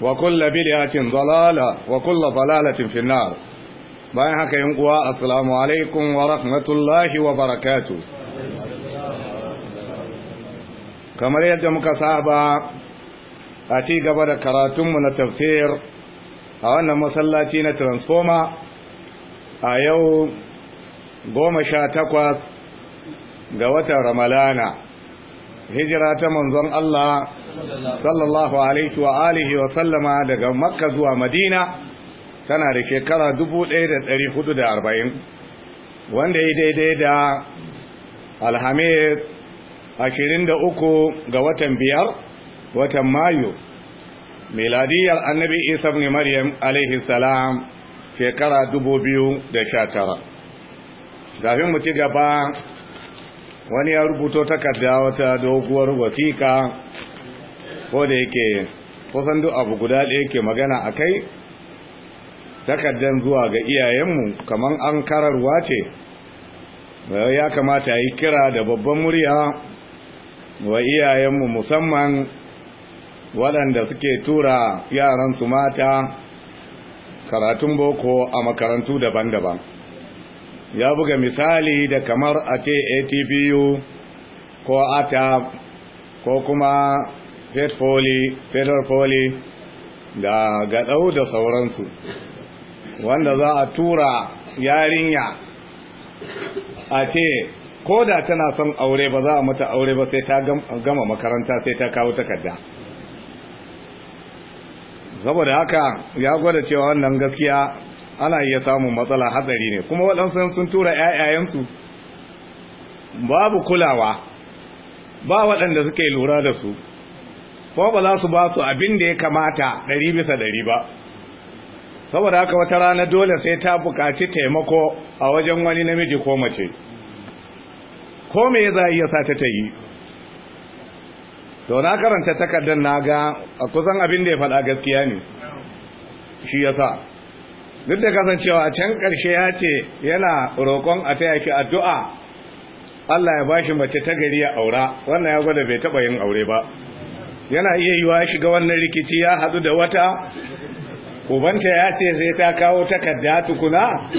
wa kulla bid'atin dalala wa kulla dalalatin fi nar bayan haka yan uwa assalamu alaikum wa rahmatullahi wa barakatuh kamar yadda muka saba a ci gaba da karatunmu na tafsir a wannan masallaci na transformer a yau goma sha takwas ga watan ramalana hijira ta manzon Allah sallallahu alaihi wa alihi wa sallama daga makka zuwa madina tana da shekara 1440 wanda ya daidai da alhamis 23 ga watan biyar watan mayu miladiyar annabi isa ibn maryam alaihi salam shekara 2019 kafin mu ci gaba wani ya rubuto takarda wata doguwar wasiƙa ko da yake kusan duk abu guda ɗaya ke magana a kai takardan zuwa ga iyayenmu kamar an kararwa ce ya kamata a yi kira da babban murya wa iyayenmu musamman waɗanda suke tura yaran su mata karatun boko a makarantu daban-daban ya buga misali da kamar a ce atpu ko ata ko kuma state poly federal da gadau da sauransu wanda za a tura yarinya a ce ko da tana son aure ba za a mata aure ba sai ta gama makaranta sai ta kawo takarda saboda haka ya gwada cewa wannan gaskiya ana iya samun matsala hatsari ne kuma waɗansu sun tura 'ya'yayensu babu kulawa ba waɗanda suke lura da su ko ba za su ba su abin da ya kamata ɗari bisa ɗari ba saboda haka wata rana dole sai ta buƙaci taimako a wajen wani namiji ko mace ko me za a iya sa ta ta yi to na karanta takardar na ga a kusan abin da ya faɗa gaskiya ne shi ya sa duk da kasancewa can ƙarshe ya ce yana roƙon a taya shi addu'a Allah ya bashi mace ta gari ya aura wannan ya gwada bai taɓa yin aure ba yana iya yi wa shiga wannan rikici ya haɗu da wata ubanta ya ce sai ta kawo takarda tukuna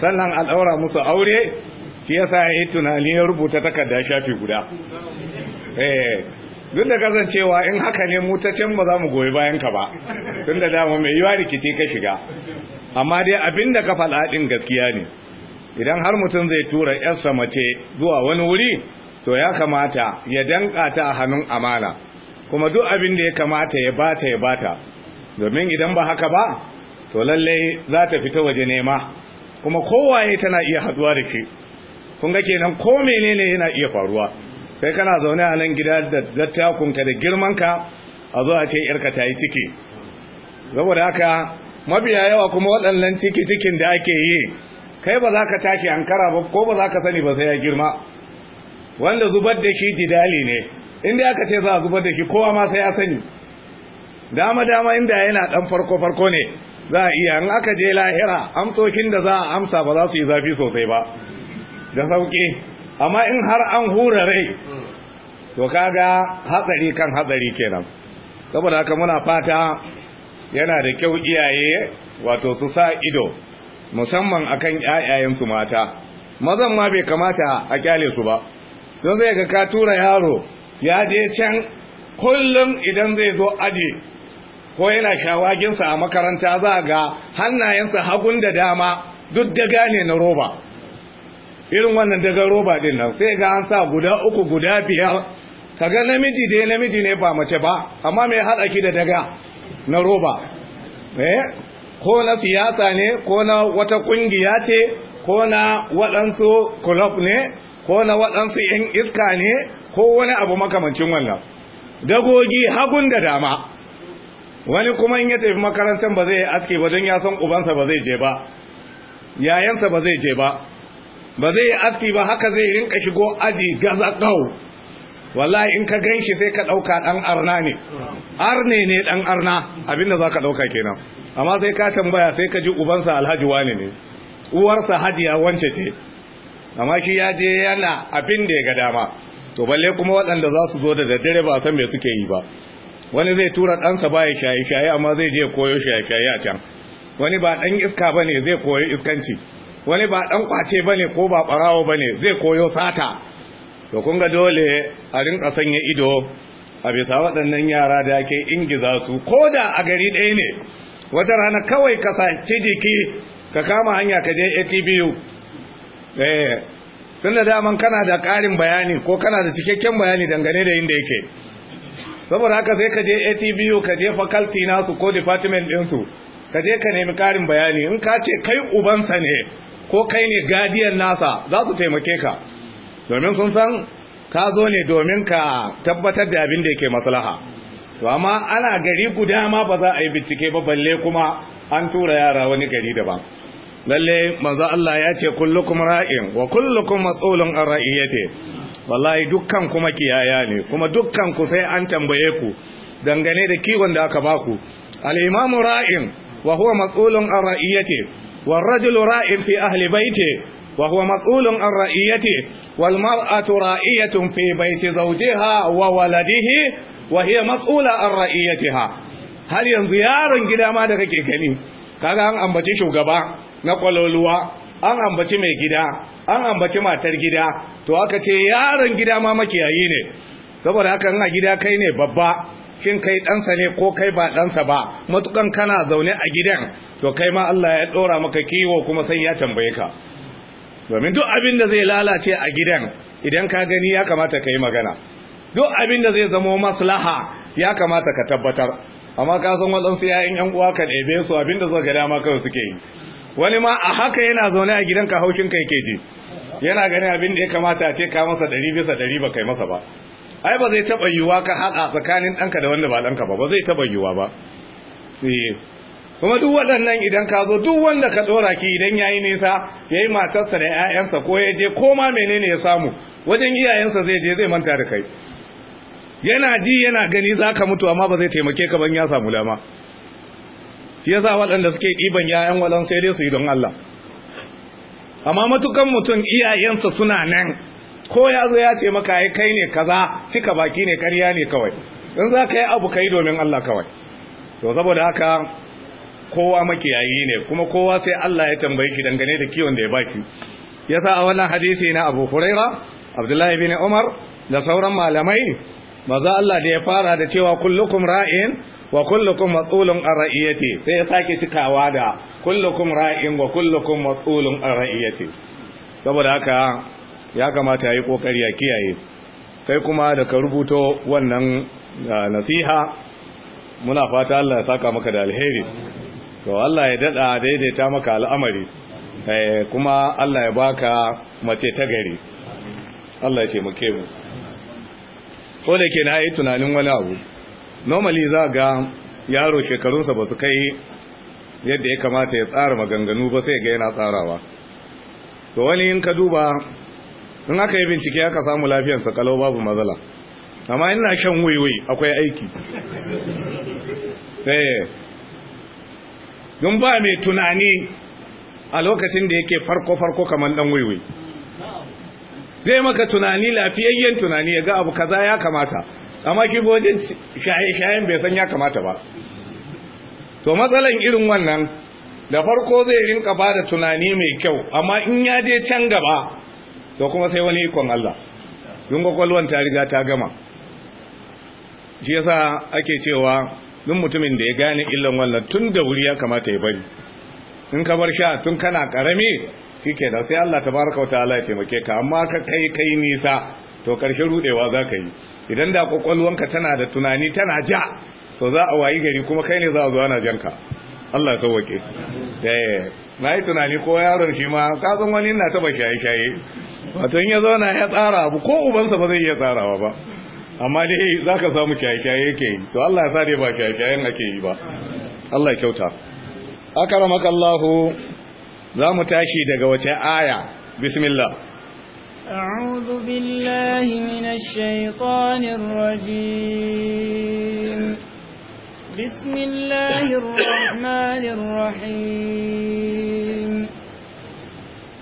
sannan a ɗaura musu aure shi yasa sa yi tunani ya rubuta takarda shafi guda eh, duk da kasancewa in haka ne mu ta can ba za mu goyi bayan ka ba tun da dama mai yiwa rikici ka shiga amma dai abin da ka faɗa gaskiya ne idan har mutum zai tura yarsa mace zuwa wani wuri to ya kamata ya danka ta hannun amana kuma duk abin da ya kamata ya bata ya bata domin idan ba haka ba to lallai za ta fita waje nema kuma kowaye tana iya haduwa da ke kun ga kenan ko menene yana iya faruwa sai kana zaune a nan gida da dattakunka da girmanka a zo a ce yarka ta yi ciki saboda haka mabiya yawa kuma waɗannan ciki cikin da ake yi kai ba za ka tashi ankara ba ko ba za ka sani ba sai ya girma wanda zubar da shi jidali ne inda aka ce za a zubar da ki kowa ma sai ya sani dama dama inda yana dan farko farko ne za a iya in aka je lahira amsokin da za a amsa ba za su yi zafi sosai ba da sauki amma in har an hura rai to kaga hatsari kan hatsari kenan saboda haka muna fata yana da kyau iyaye wato su sa ido musamman akan su mata mazan ma bai kamata a kyale su ba don zai ga ka tura yaro ya je can kullum idan zai zo aji ko yana shawaginsa a makaranta za ga hannayensa hagun da dama duk daga ne na roba irin wannan daga roba din nan sai ga an sa guda uku guda biyar kaga namiji dai namiji ne ba mace ba amma mai haɗa ki da daga na roba eh ko na siyasa ne ko na wata ƙungiya ce ko na waɗansu kulob ne ko na waɗansu ‘yan iska ne ko wani abu makamancin wannan dagogi hagun da dama wani kuma in ya tafi makarantar ba zai aske ba don ya san ubansa ba zai je ba yayansa ba zai je ba ba zai aski ba haka zai rinka shigo aji gaza kau wallahi in ka ganshi sai ka ɗauka ɗan arna ne arne ne ɗan arna abinda ka ɗauka kenan amma sai ka tambaya sai ka ji ubansa alhaji wane ne uwarsa hajiya wance ce amma shi ya je yana abin da ya ga dama to balle kuma waɗanda za su zo da daddare ba san me suke yi ba wani zai tura ɗansa ba ya shaye shaye amma zai je koyo shaye shaye a can wani ba ɗan iska ba ne zai koyi iskanci wani ba ɗan kwace ba ne ko ba ɓarawo ba ne zai koyo sata to kun ga dole a rinka sanya ido a bisa waɗannan yara da ake ingiza su ko da a gari ɗaya ne wata rana kawai ka sace jiki ka kama hanya ka je atbu eh tunda daman kana da karin bayani ko kana da cikakken bayani dangane da inda yake saboda haka sai ka je ATBU ka je faculty nasu ko department ɗinsu ka je ka nemi karin bayani in ka ce kai ubansa ne ko kai ne guardian nasa za su taimake ka domin sun san ka zo ne domin ka tabbatar da abin da yake maslaha to amma ana gari guda ma ba za a yi bincike ba balle kuma an tura yara wani gari daban lalle manzo Allah ya ce kullukum ra'in wa kullukum mas'ulun an ra'iyati wallahi dukkan kuma kiyaya ne kuma dukkan ku sai an tambaye ku dangane da kiwon da aka baku al-imam ra'in wa huwa mas'ulun an ra'iyati wal rajulu ra'in fi ahli baiti wa huwa mas'ulun an ra'iyati wal mar'atu ra'iyatun fi baiti zawjiha wa waladihi wa hiya mas'ula an ra'iyatiha har yanzu yaron gida ma da kake gani kaga an ambace shugaba na kwaloluwa an ambaci mai gida an ambaci matar gida to aka ce yaron gida ma makiyayi ne saboda haka ina gida kai ne babba kin kai ɗansa ne ko kai ba ɗansa ba matukan kana zaune a gidan to kai ma Allah ya ɗora maka kiwo kuma sai ya tambaye ka domin duk abin da zai lalace a gidan idan ka gani ya kamata ka yi magana duk abin da zai zama maslaha ya kamata ka tabbatar amma ka san waɗansu ‘ya'yan ‘yan uwa ka ɗebe su abin da suka ga dama kawai suke yi wani ma a haka yana zaune a gidanka haushin kai ke ji yana gani abin da ya kamata a ce ka masa ɗari bisa ɗari ba kai masa ba ai ba zai taɓa yiwuwa ka haɗa tsakanin ɗanka da wanda ba ɗanka ba ba zai taɓa yiwuwa ba eh. kuma duk waɗannan idan ka zo duk wanda ka ɗora ki idan ya yi nisa ya yi matarsa da 'ya'yansa ko ya je ko ma menene ya samu wajen iyayensa zai je zai manta da kai yana ji yana gani za ka mutu amma ba zai taimake ka ban ya samu dama za waɗanda suke ɗiban ‘ya'yan walan sai dai su yi don Allah amma matukan mutum iyayensa suna nan ko ya zo ya ce maka ya kai ne kaza cika baki ne karya ne kawai in za ka yi abu kai domin Allah kawai to saboda haka kowa makiyayi ne kuma kowa sai Allah ya tambaye shi dangane da kiwon da ya baki sa a wannan hadisi na Abu Huraira Abdullahi bin Umar da sauran malamai maza Allah da ya fara da cewa kullukum ra'in wa kullukum mas'ulun an ra'iyati sai ya sake cikawa da kullukum ra'in wa kullukum mas'ulun an ra'iyati saboda haka ya kamata yi kokari ya kiyaye sai kuma da ka rubuto wannan ah, nasiha muna fata Allah ya saka maka da alheri to Allah ya dada daidaita maka al'amari eh, kuma Allah ya baka mace ta gari Allah ya taimake mu ko da ke na yi tunanin wani abu normally za ga yaro shekarunsa ba su kai yadda ya kamata ya tsara maganganu ba sai ga yana tsarawa to wani in ka duba in aka yi bincike aka samu lafiyar sa kalau babu matsala amma ina shan waiwai akwai aiki eh. don ba mai tunani a lokacin da yake farko-farko kamar dan waiwai zai maka tunani lafiyayyen tunani ya ga abu kaza ya kamata amma ki shayen bai san ya kamata ba to matsalan irin wannan da farko zai rinka ba da tunani mai kyau amma in ya je can gaba to kuma sai wani ikon Allah yin kwakwalwan ta riga ta gama shi yasa ake cewa duk mutumin da ya gane illan wannan tun da wuri ya kamata ya bari in ka bar sha tun kana karami ke da sai Allah ta tabaraka wa ta'ala ya taimake ka amma ka kai kai nisa to karshe rudewa za ka yi idan da kwakwalwanka tana da tunani tana ja to za a wayi gari kuma kai ne za a zo ana janka Allah ya sauwake eh, na yi tunani ko yaron shi ma kasan wani na taba shaye-shaye wato in ya zauna ya tsara abu ko ubansa ba zai iya tsarawa ba amma dai za ka samu shaye-shaye yake yi to Allah ya sa dai ba shaye-shayen ake yi ba Allah ya kyauta akaramaka Allahu za mu tashi daga wace aya bismillah أعوذ بالله من الشيطان الرجيم بسم الله الرحمن الرحيم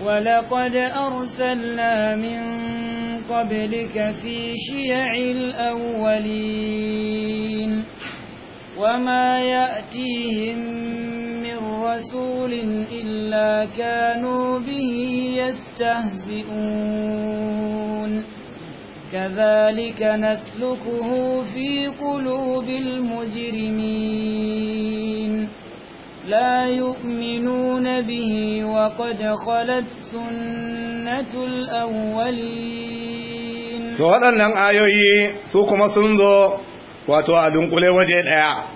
ولقد أرسلنا من قبلك في شيع الأولين وما يأتيهم رسول إلا كانوا به يستهزئون كذلك نسلكه في قلوب المجرمين لا يؤمنون به وقد خلت سنة الأولين to waɗannan ayoyi su kuma sun zo wato a dunkule waje ɗaya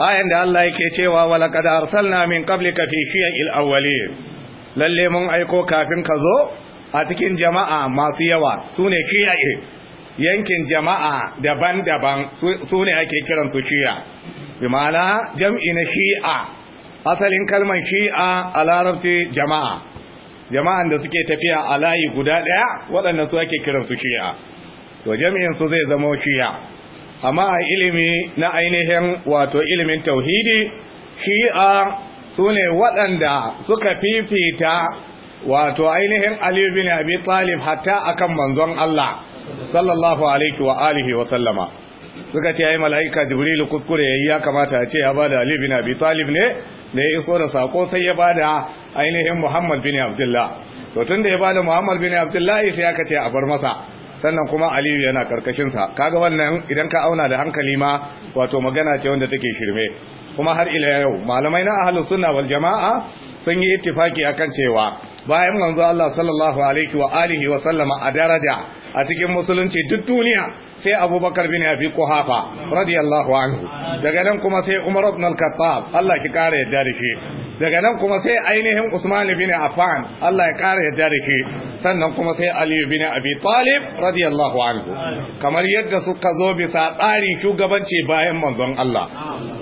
ayan da Allah yake cewa wala qad arsalna min qablika fi shi'il awwali lalle mun aiko kafin ka zo a cikin jama'a masu yawa sune shi'a'i yankin jama'a daban-daban sune ake kiran su shi'a bi ma'ana jam'i na shi'a asalin kalmar shi'a a larabci jama'a jama'an da suke tafiya a layi guda daya waɗanda su ake kiran su shi'a to jami'in su zai zama shi'a amma a ilimi na ainihin wato ilimin tauhidi shi'a su ne waɗanda suka fifita wato ainihin aliyu bin abi talib hatta akan manzon Allah sallallahu alaihi wa alihi wa sallama suka ce ai mala'ika jibril kuskure yayi ya kamata a ce ya bada aliyu bin abi talib ne da ya iso da sako sai ya bada ainihin muhammad bin abdullah to tunda ya bada muhammad bin abdullah sai aka ce a bar masa sannan kuma aliyu yana sa kaga wannan idan ka auna da hankali ma wato magana ce wanda take shirme kuma har ila yau malamai na ahlus sunna wal jamaa sun yi ittifaki akan cewa bayan manzo Allah sallallahu alaihi wa alihi wa sallama a daraja a cikin musulunci duk duniya sai abubakar bin abi kuhafa radiyallahu anhu daga nan kuma sai umar ibn al-khattab Allah ki kare yadda da shi daga nan kuma sai ainihin usman bin affan Allah ya kare yadda da shi sannan kuma sai ali bin abi talib radiyallahu anhu kamar yadda suka zo bisa tsarin shugabanci bayan manzon Allah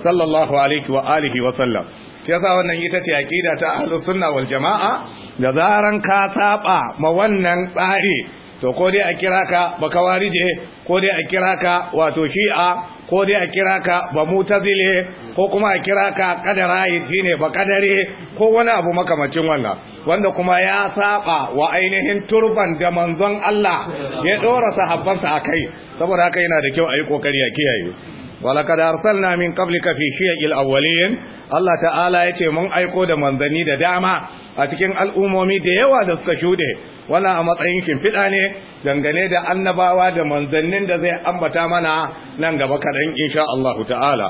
sallallahu alaihi wa alihi wa sallam yasa wannan ita ce aqida ta ahlus sunna wal jamaa da zaran ka saba ma wannan tsari to ko dai a kira ka bakawarije ko dai a kira ka wato shi'a ko dai a kira ka mutazile ko kuma a kira ka kadarai shine kadare ko wani abu makamacin wannan wanda kuma ya saba wa ainihin turban da manzon Allah ya dora sahabbansa akai saboda haka yana da kyau a yi kokari a kiyaye walakad arsalna min qablika fi shiya'il awwalin Allah ta'ala yace mun aiko da manzani da dama a cikin al'umomi da yawa da suka shude wannan a matsayin shimfiɗa ne dangane da annabawa da manzannin da zai ambata mana nan gaba kaɗan insha Allah ta'ala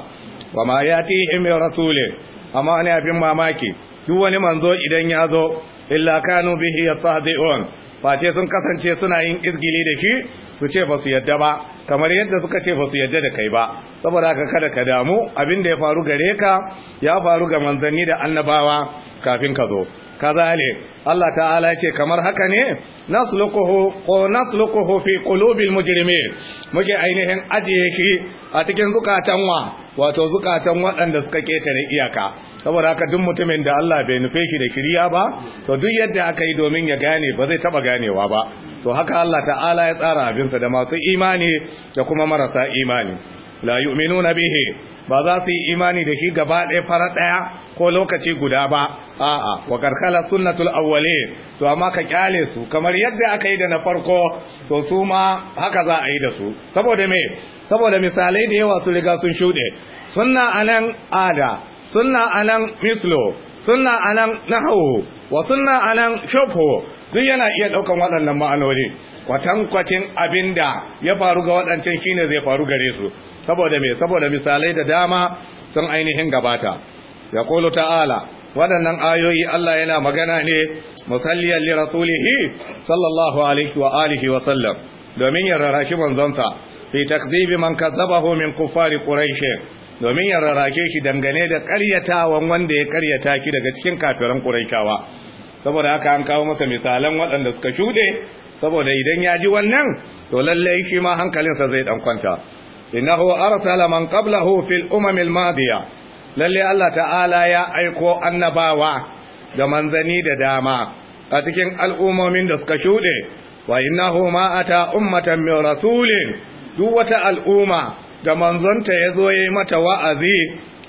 wa ma ya ti imi rasulin amma wani abin mamaki duk wani manzo idan ya zo illa kanu bihi yastahzi'un face sun kasance suna yin izgili da shi su ce ba su yadda ba kamar yadda suka ce ba su yadda da kai ba saboda ka kada ka damu abin da ya faru gare ka ya faru ga manzanni da annabawa kafin ka zo kazale Allah ta'ala ce kamar haka ne nasluquhu ko fi qulubil mujrimin muke ainihin ajiye ki a cikin zukatan wato zukatan waɗanda suka ketare iyaka saboda haka duk mutumin da Allah bai nufe shi da shirya ba to duk yadda aka yi domin ya gane ba zai taba ganewa ba to haka Allah ta'ala ya tsara abinsa da masu imani da kuma marasa imani la yu'minuna bihi ba za su yi imani da shi gaba ɗaya fara ɗaya ko lokaci guda ba a'a wa karkala sunnatul awwale to amma ka kyale su kamar yadda aka yi da na farko to su ma haka za a yi da su saboda me saboda misalai da yawa su riga sun shuɗe sunna anan ada sunna anan mislo sunna anan nahwu wa sunna anan shubhu duk yana iya daukan waɗannan ma'anoni kwatankwacin abin da ya faru ga waɗancan shi ne zai faru gare su saboda me saboda misalai da dama sun ainihin gabata ya kolo ta'ala waɗannan ayoyi Allah yana magana ne musalliyar li rasulihi sallallahu alaihi wa alihi wa sallam domin ya raraki manzonsa fi takzibi man kazzabahu min kuffari quraish domin ya rarake shi dangane da ƙaryatawan wanda ya ƙaryata ki daga cikin kafiran quraishawa saboda haka an kawo masa misalan waɗanda suka shuɗe saboda idan ya ji wannan to lallai shi ma hankalinsa zai dan kwanta innahu arsala man qablahu fil umam al madiya lalle Allah ta'ala ya aiko annabawa da manzani da dama a cikin al'ummomin da suka shuɗe wa innahu ma ata ummatan min rasulin duk wata al'umma da manzonta ya zo yi mata wa'azi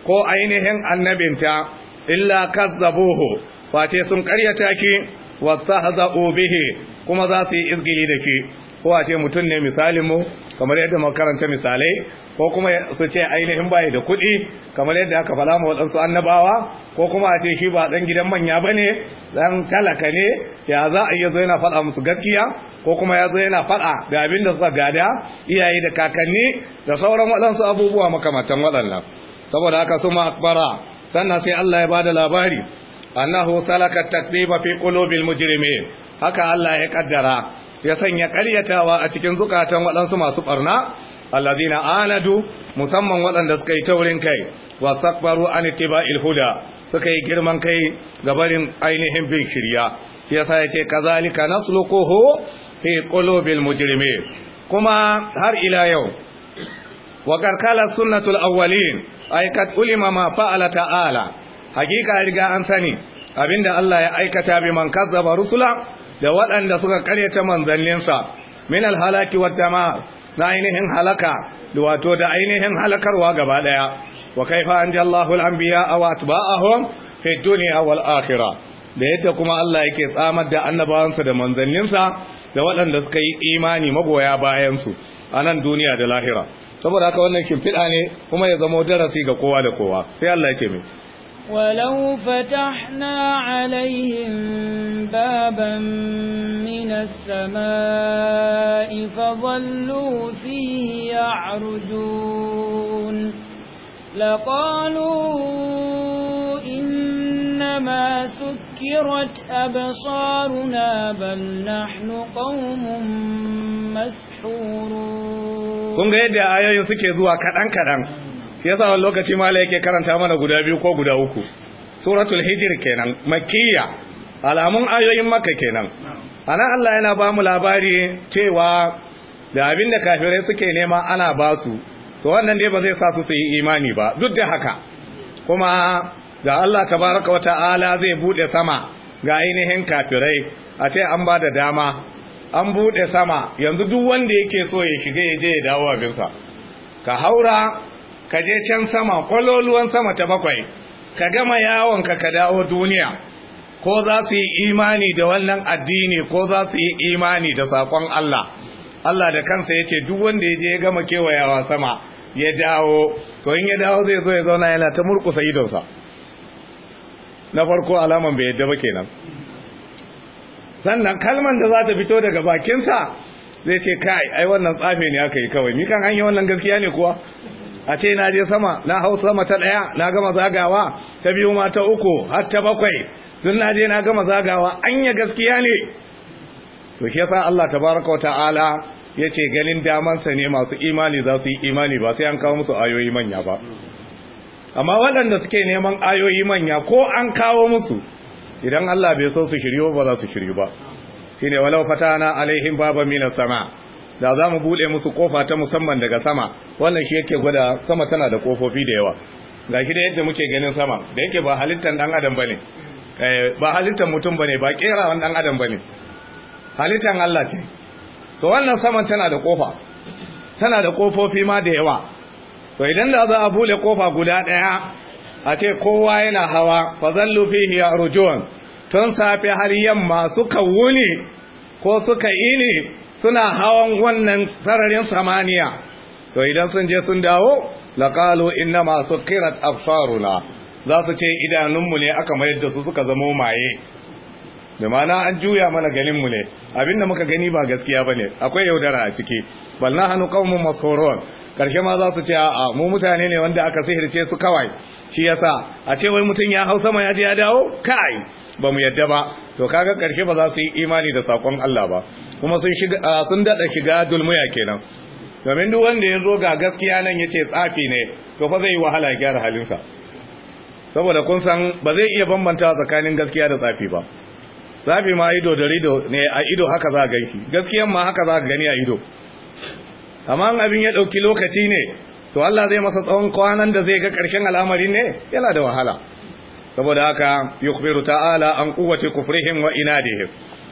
ko ainihin annabinta illa kazzabuhu Wace sun karyata ki haza obihe kuma za su yi izgili da ki ko a ce mutum ne misalin mu kamar yadda makaranta misalai ko kuma su ce ainihin baya da kuɗi kamar yadda aka fala ma waɗansu annabawa ko kuma a ce shi ba ɗan gidan manya ba ne ɗan talaka ne ya za a iya zo yana faɗa musu gaskiya ko kuma ya zo yana faɗa da abin da suka gada iyaye da kakanni da sauran waɗansu abubuwa makamantan waɗannan saboda haka su akbara sannan sai Allah ya bada labari annahu salaka takdiba fi qulubil mujrimin haka Allah ya kaddara ya sanya ƙaryatawa a cikin zukatan waɗansu masu barna alladina aladu musamman waɗanda suka yi taurin kai wa sakbaru an ittiba'il huda suka yi girman kai ga barin ainihin bin shirya shi yasa yace kazalika nasluquhu fi qulubil mujrimin kuma har ila yau wa karkala sunnatul awwalin ay kad ulima ma fa'ala ta'ala hakika riga an sani abinda Allah ya aikata bi man kazzaba rusula da waɗanda suka karyata manzanninsa min alhalaki wa na ainihin halaka da wato da ainihin halakarwa gaba daya wa kaifa anja Allahu al-anbiya wa atba'ahum fi dunya wal akhirah da yadda kuma Allah yake tsamar da annabawansa da manzanninsa da waɗanda suka yi imani magoya bayansu a nan duniya da lahira saboda haka wannan shimfiɗa ne kuma ya zama darasi ga kowa da kowa sai Allah ya ce mai ولو فتحنا عليهم بابا من السماء فظلوا فيه يعرجون لقالوا إنما سكرت أبصارنا بل نحن قوم مسحورون shi yasa wani lokaci mala yake karanta mana guda biyu ko guda uku suratul hijir kenan makiyya alamun ayoyin maka kenan anan Allah yana ba mu labari cewa da abin da kafirai suke nema ana ba su to wannan dai ba zai sa su su yi imani ba duk da haka kuma da Allah tabaraka wa ta'ala zai bude sama ga ainihin kafirai a ce an ba da dama an bude sama yanzu duk wanda yake so ya shiga ya je ya dawo abinsa ka haura ka je can sama kwaloluwan sama ta bakwai ka gama yawon ka ka dawo duniya ko za su yi imani da wannan addini ko za su yi imani da sakon Allah Allah da kansa ya ce duk wanda ya je ya gama kewayawa sama ya dawo to in ya dawo zai zo ya zauna yana ta murkusa idonsa na farko alaman bai yadda ba kenan sannan kalman da za ta fito daga bakinsa zai ce kai ai wannan tsafe ne aka yi kawai mikan kan hanyar wannan gaskiya ne kuwa a ce na je sama na hau sama ta ɗaya na gama zagawa ta biyu ma ta uku har ta bakwai duk na je na gama zagawa anya gaskiya ne to shi yasa Allah tabaraka wa ta'ala yace ganin damansa ne masu imani za su yi imani ba sai an kawo musu ayoyi manya ba amma waɗanda suke neman ayoyi manya ko an kawo musu idan Allah bai so su shiryo ba za su shiryu ba shine walau fatana alaihim baba minas sama da za mu bude musu kofa ta musamman daga sama wannan shi yake gwada sama tana da kofofi da yawa ga shi da yadda muke ganin sama da yake ba halittar dan adam bane eh, ba halittar mutum bane ba kerawan dan adam bane halittar Allah ce to wannan sama tana da kofa tana da kofofi ma da yawa to idan da za a bude kofa guda ɗaya a ce kowa yana hawa fa zallu fihi arjuwan tun safe har yamma suka wuni ko suka ini suna hawan wannan sararin samaniya to idan sun je sun dawo laqalu inna ma suqirat absaruna za su ce idanunmu ne aka mayar da su suka zamo maye da mana an juya mana ganinmu ne abinda muka gani ba gaskiya bane akwai yaudara a ciki balna na hannu masurun karshe ma za su ce a mu mutane ne wanda aka sihirce su kawai shi yasa a ce wai mutum ya hau sama ya ji ya dawo kai ba mu yadda ba to kaga karshe ba za su yi imani da sakon Allah ba kuma sun shiga sun dada shiga dulmuya kenan domin duk wanda ya zo ga gaskiya nan ya ce tsafi ne to fa zai yi wahala ya gyara halinsa saboda kun san ba zai iya bambanta tsakanin gaskiya da tsafi ba tsafi ma ido da rido ne a ido haka za a ganshi gaskiyan ma haka za a gani a ido amma abin ya ɗauki lokaci ne to Allah zai masa tsawon kwanan da zai ga ƙarshen al'amarin ne yana da wahala saboda haka yukhbiru ta'ala an quwwati kufrihim wa inadihim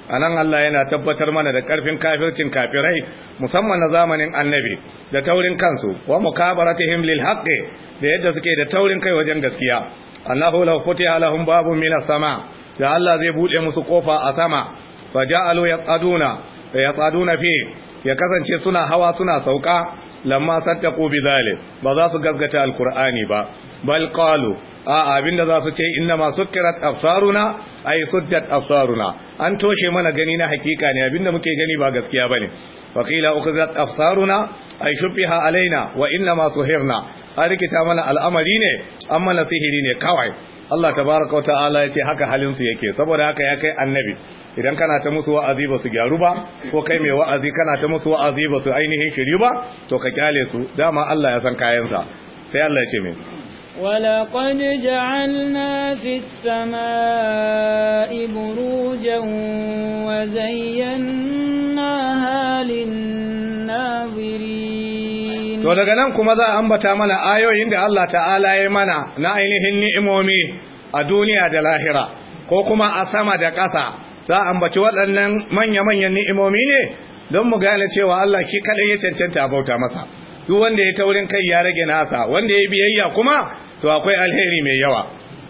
anan Allah yana tabbatar mana da ƙarfin kafircin kafirai musamman na zamanin annabi da taurin kansu wa mukabaratihim lil haqqi da yadda suke da taurin kai wajen gaskiya annahu law futiha lahum babun as sama da Allah zai bude musu kofa a sama ja'alu yaqaduna yaqaduna fi ya kasance suna hawa suna sauka lamma sattaqu bi zalim ba za su gaskata alqur'ani ba bal qalu a abinda za su ce inna ma sukkirat absaruna ay suddat absaruna an toshe mana gani na hakika ne abinda muke gani ba gaskiya bane wa qila ukhizat absaruna ay shubbiha alaina wa inna ma suhirna arkita mana al'amari ne amma mana sihiri ne kawai Allah tabaaraka wa ta'ala yace haka halin su yake saboda haka ya kai annabi idan kana ta musu wa'azi ba su gyaru ba ko kai mai wa'azi kana ta musu wa'azi ba su ainihin shiri ba to ka kyale su dama Allah ya san kayansa sai Allah ya ce min ولقد جعلنا في السماء بروجا وزيناها للناظرين to daga nan kuma za a ambata mana ayoyin da Allah ta'ala ya mana na ainihin ni'imomi a duniya da lahira ko kuma a sama da ƙasa za a ambaci waɗannan manya-manyan ni'imomi ne don mu gane cewa Allah ki kaɗai ya cancanta a bauta masa duk wanda ya taurin kai ya rage nasa wanda ya biyayya kuma to akwai alheri mai yawa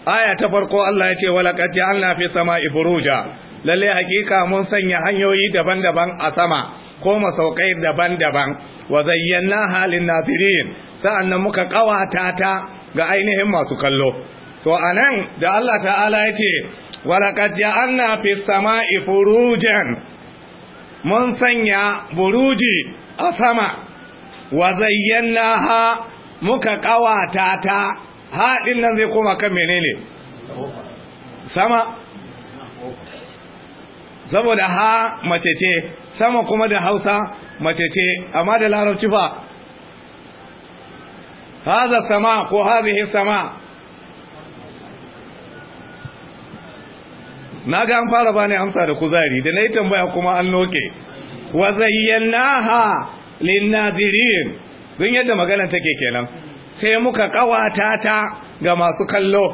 aya ta farko Allah ya ce walaqad ja'alna fi sama'i buruja lalle hakika mun sanya hanyoyi daban-daban a sama ko masaukai daban-daban wa zayyana halin nazirin sa'annan muka kawata ta ga ainihin masu kallo to anan da Allah ta'ala ya ce walaqad anna fisa sama'i furujan mun sanya buruji a sama wa ha muka kawata ta haɗin nan zai koma kan menene sama saboda ha mace ce sama kuma da hausa mace ce amma da larabci fa haza sama ko hazihi sama na ga an fara bani amsa da kuzari da na yi tambaya kuma an noke wa ha linnadirin don yadda magana take kenan sai muka kawata ta ga masu kallo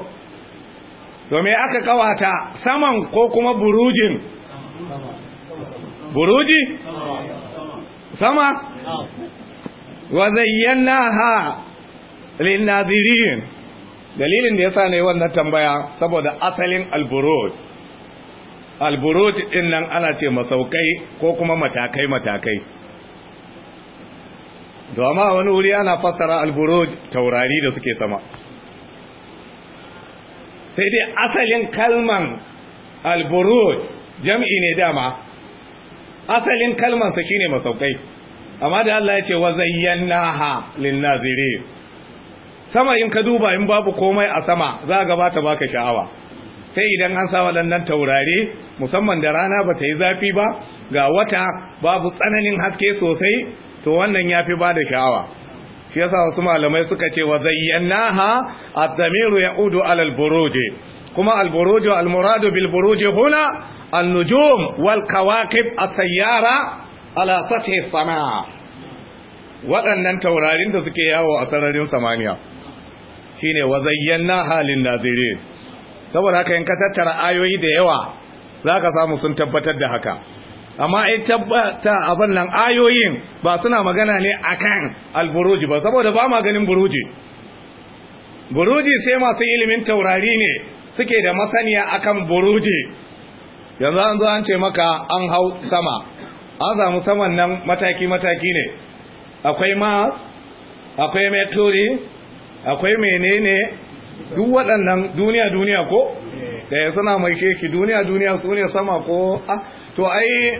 domin aka kawata saman ko kuma burujin buruji sama wa ha linnadirin dalilin da yasa ne wannan tambaya saboda asalin alburuj alburut din nan ana ce masaukai ko kuma matakai matakai Domin amma wani wuri ana fassara alburut taurari da suke sama sai dai asalin kalman alburut jam'i ne dama asalin kalman sa shine masaukai amma da Allah ya ce wa zayyanaha lin-nazire sama in ka duba in babu komai a sama za ga ta baka sha'awa sai idan an sa wadannan taurari. musamman da rana ba ta yi zafi ba ga wata babu tsananin haske sosai to wannan ya fi ba da sha'awa shi yasa wasu malamai suka ce wa zayyanaha a damiru ya'udu udu alal buruje kuma al-buruje al-muradu bil buruje huna an-nujum wal kawakib as-sayyara ala sathi sama waɗannan taurarin da suke yawo a sararin samaniya shine wa zayyanaha halin nazirin saboda haka yanka ka tattara ayoyi da yawa za ka samu sun tabbatar da haka amma ai tabbata abin nan ayoyin ba suna magana ne akan alburuji ba saboda ba ma ganin buruji buruji sai masu ilimin taurari ne suke da masaniya akan buruji yanzu an zo an ce maka an hau sama an samu saman nan mataki-mataki ne akwai ma akwai metori akwai menene duk waɗannan duniya-duniya ko da eh, suna mai keke duniya duniya su ne sama ko a ah, to ai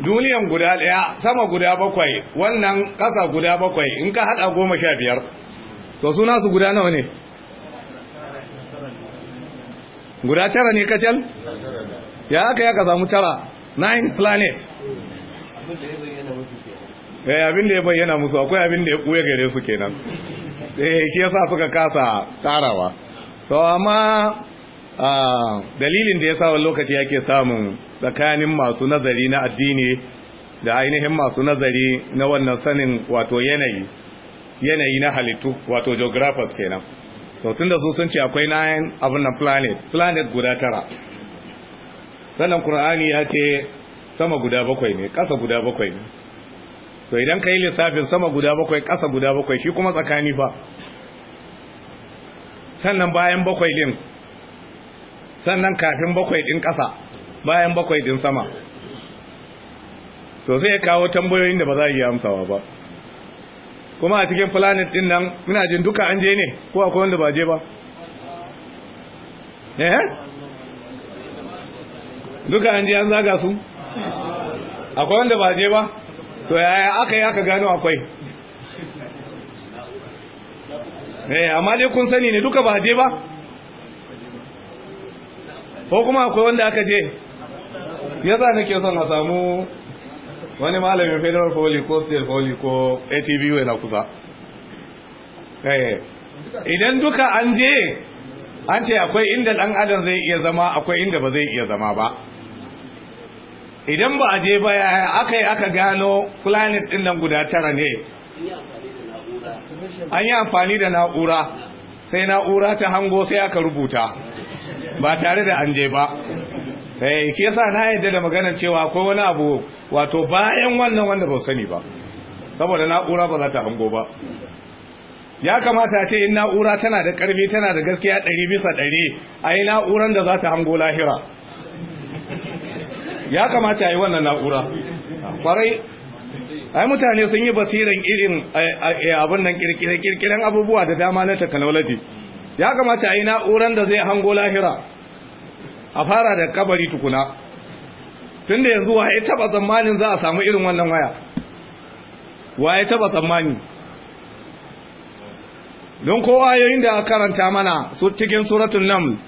duniyan guda daya sama guda bakwai wannan kasa guda bakwai in ka hada goma sha biyar to suna su guda nawa ne guda tara ne kacal ya aka yaka samu tara nine planet eh, abin da ya bayyana musu akwai abin da ya kuwa gare su kenan eh shi sa suka kasa tarawa to amma Ah, dalilin da ya sa wani lokaci yake samun tsakanin masu nazari na addini da ainihin masu nazari na wannan sanin wato yanayi yanayi na halittu wato geographers kenan to tun da su sun ce akwai nayan abin nan planet planet guda tara sannan Kur'ani ya ce sama guda bakwai ne ƙasa guda bakwai ne to idan ka yi lissafin sama guda bakwai ƙasa guda bakwai shi kuma tsakani ba sannan bayan bakwai din sannan kafin bakwai din ƙasa bayan bakwai din sama to sai ya kawo tambayoyin da ba za a iya amsawa ba kuma a cikin planet din nan muna jin duka an je ne ko akwai wanda ba je ba eh duka an je an zaga su akwai wanda ba je ba to yaya aka yi aka gano akwai eh amma dai kun sani ne duka ba je ba ko kuma akwai wanda aka je ya za nake son a samu wani malamin federal poli ko state poli ko atv wai na kusa eh, idan duka an je an ce akwai inda dan adam zai iya zama akwai inda ba zai iya zama ba idan ba a je ba aka yi aka gano planet din nan guda tara ne an yi amfani da na'ura sai na'ura ta hango sai aka rubuta ba tare da an je ba eh shi yasa na yadda da magana cewa akwai wani abu wato bayan wannan wanda ba sani ba saboda na'ura ba za ta hango ba ya kamata a ce in na'ura tana da karfi tana da gaskiya ɗari bisa ɗari a yi na'uran da za ta hango lahira ya kamata a yi wannan na'ura kwarai ai mutane sun yi basiran irin eh, eh, abin nan kirkiren abubuwa da dama na technology ya kamata a yi na'uran da zai hango lahira a fara da kabari tukuna tun da yanzu wa ya taba tsammanin za a samu irin wannan waya wa ya taba tsammani don ko yayin da karanta mana su cikin suratun nan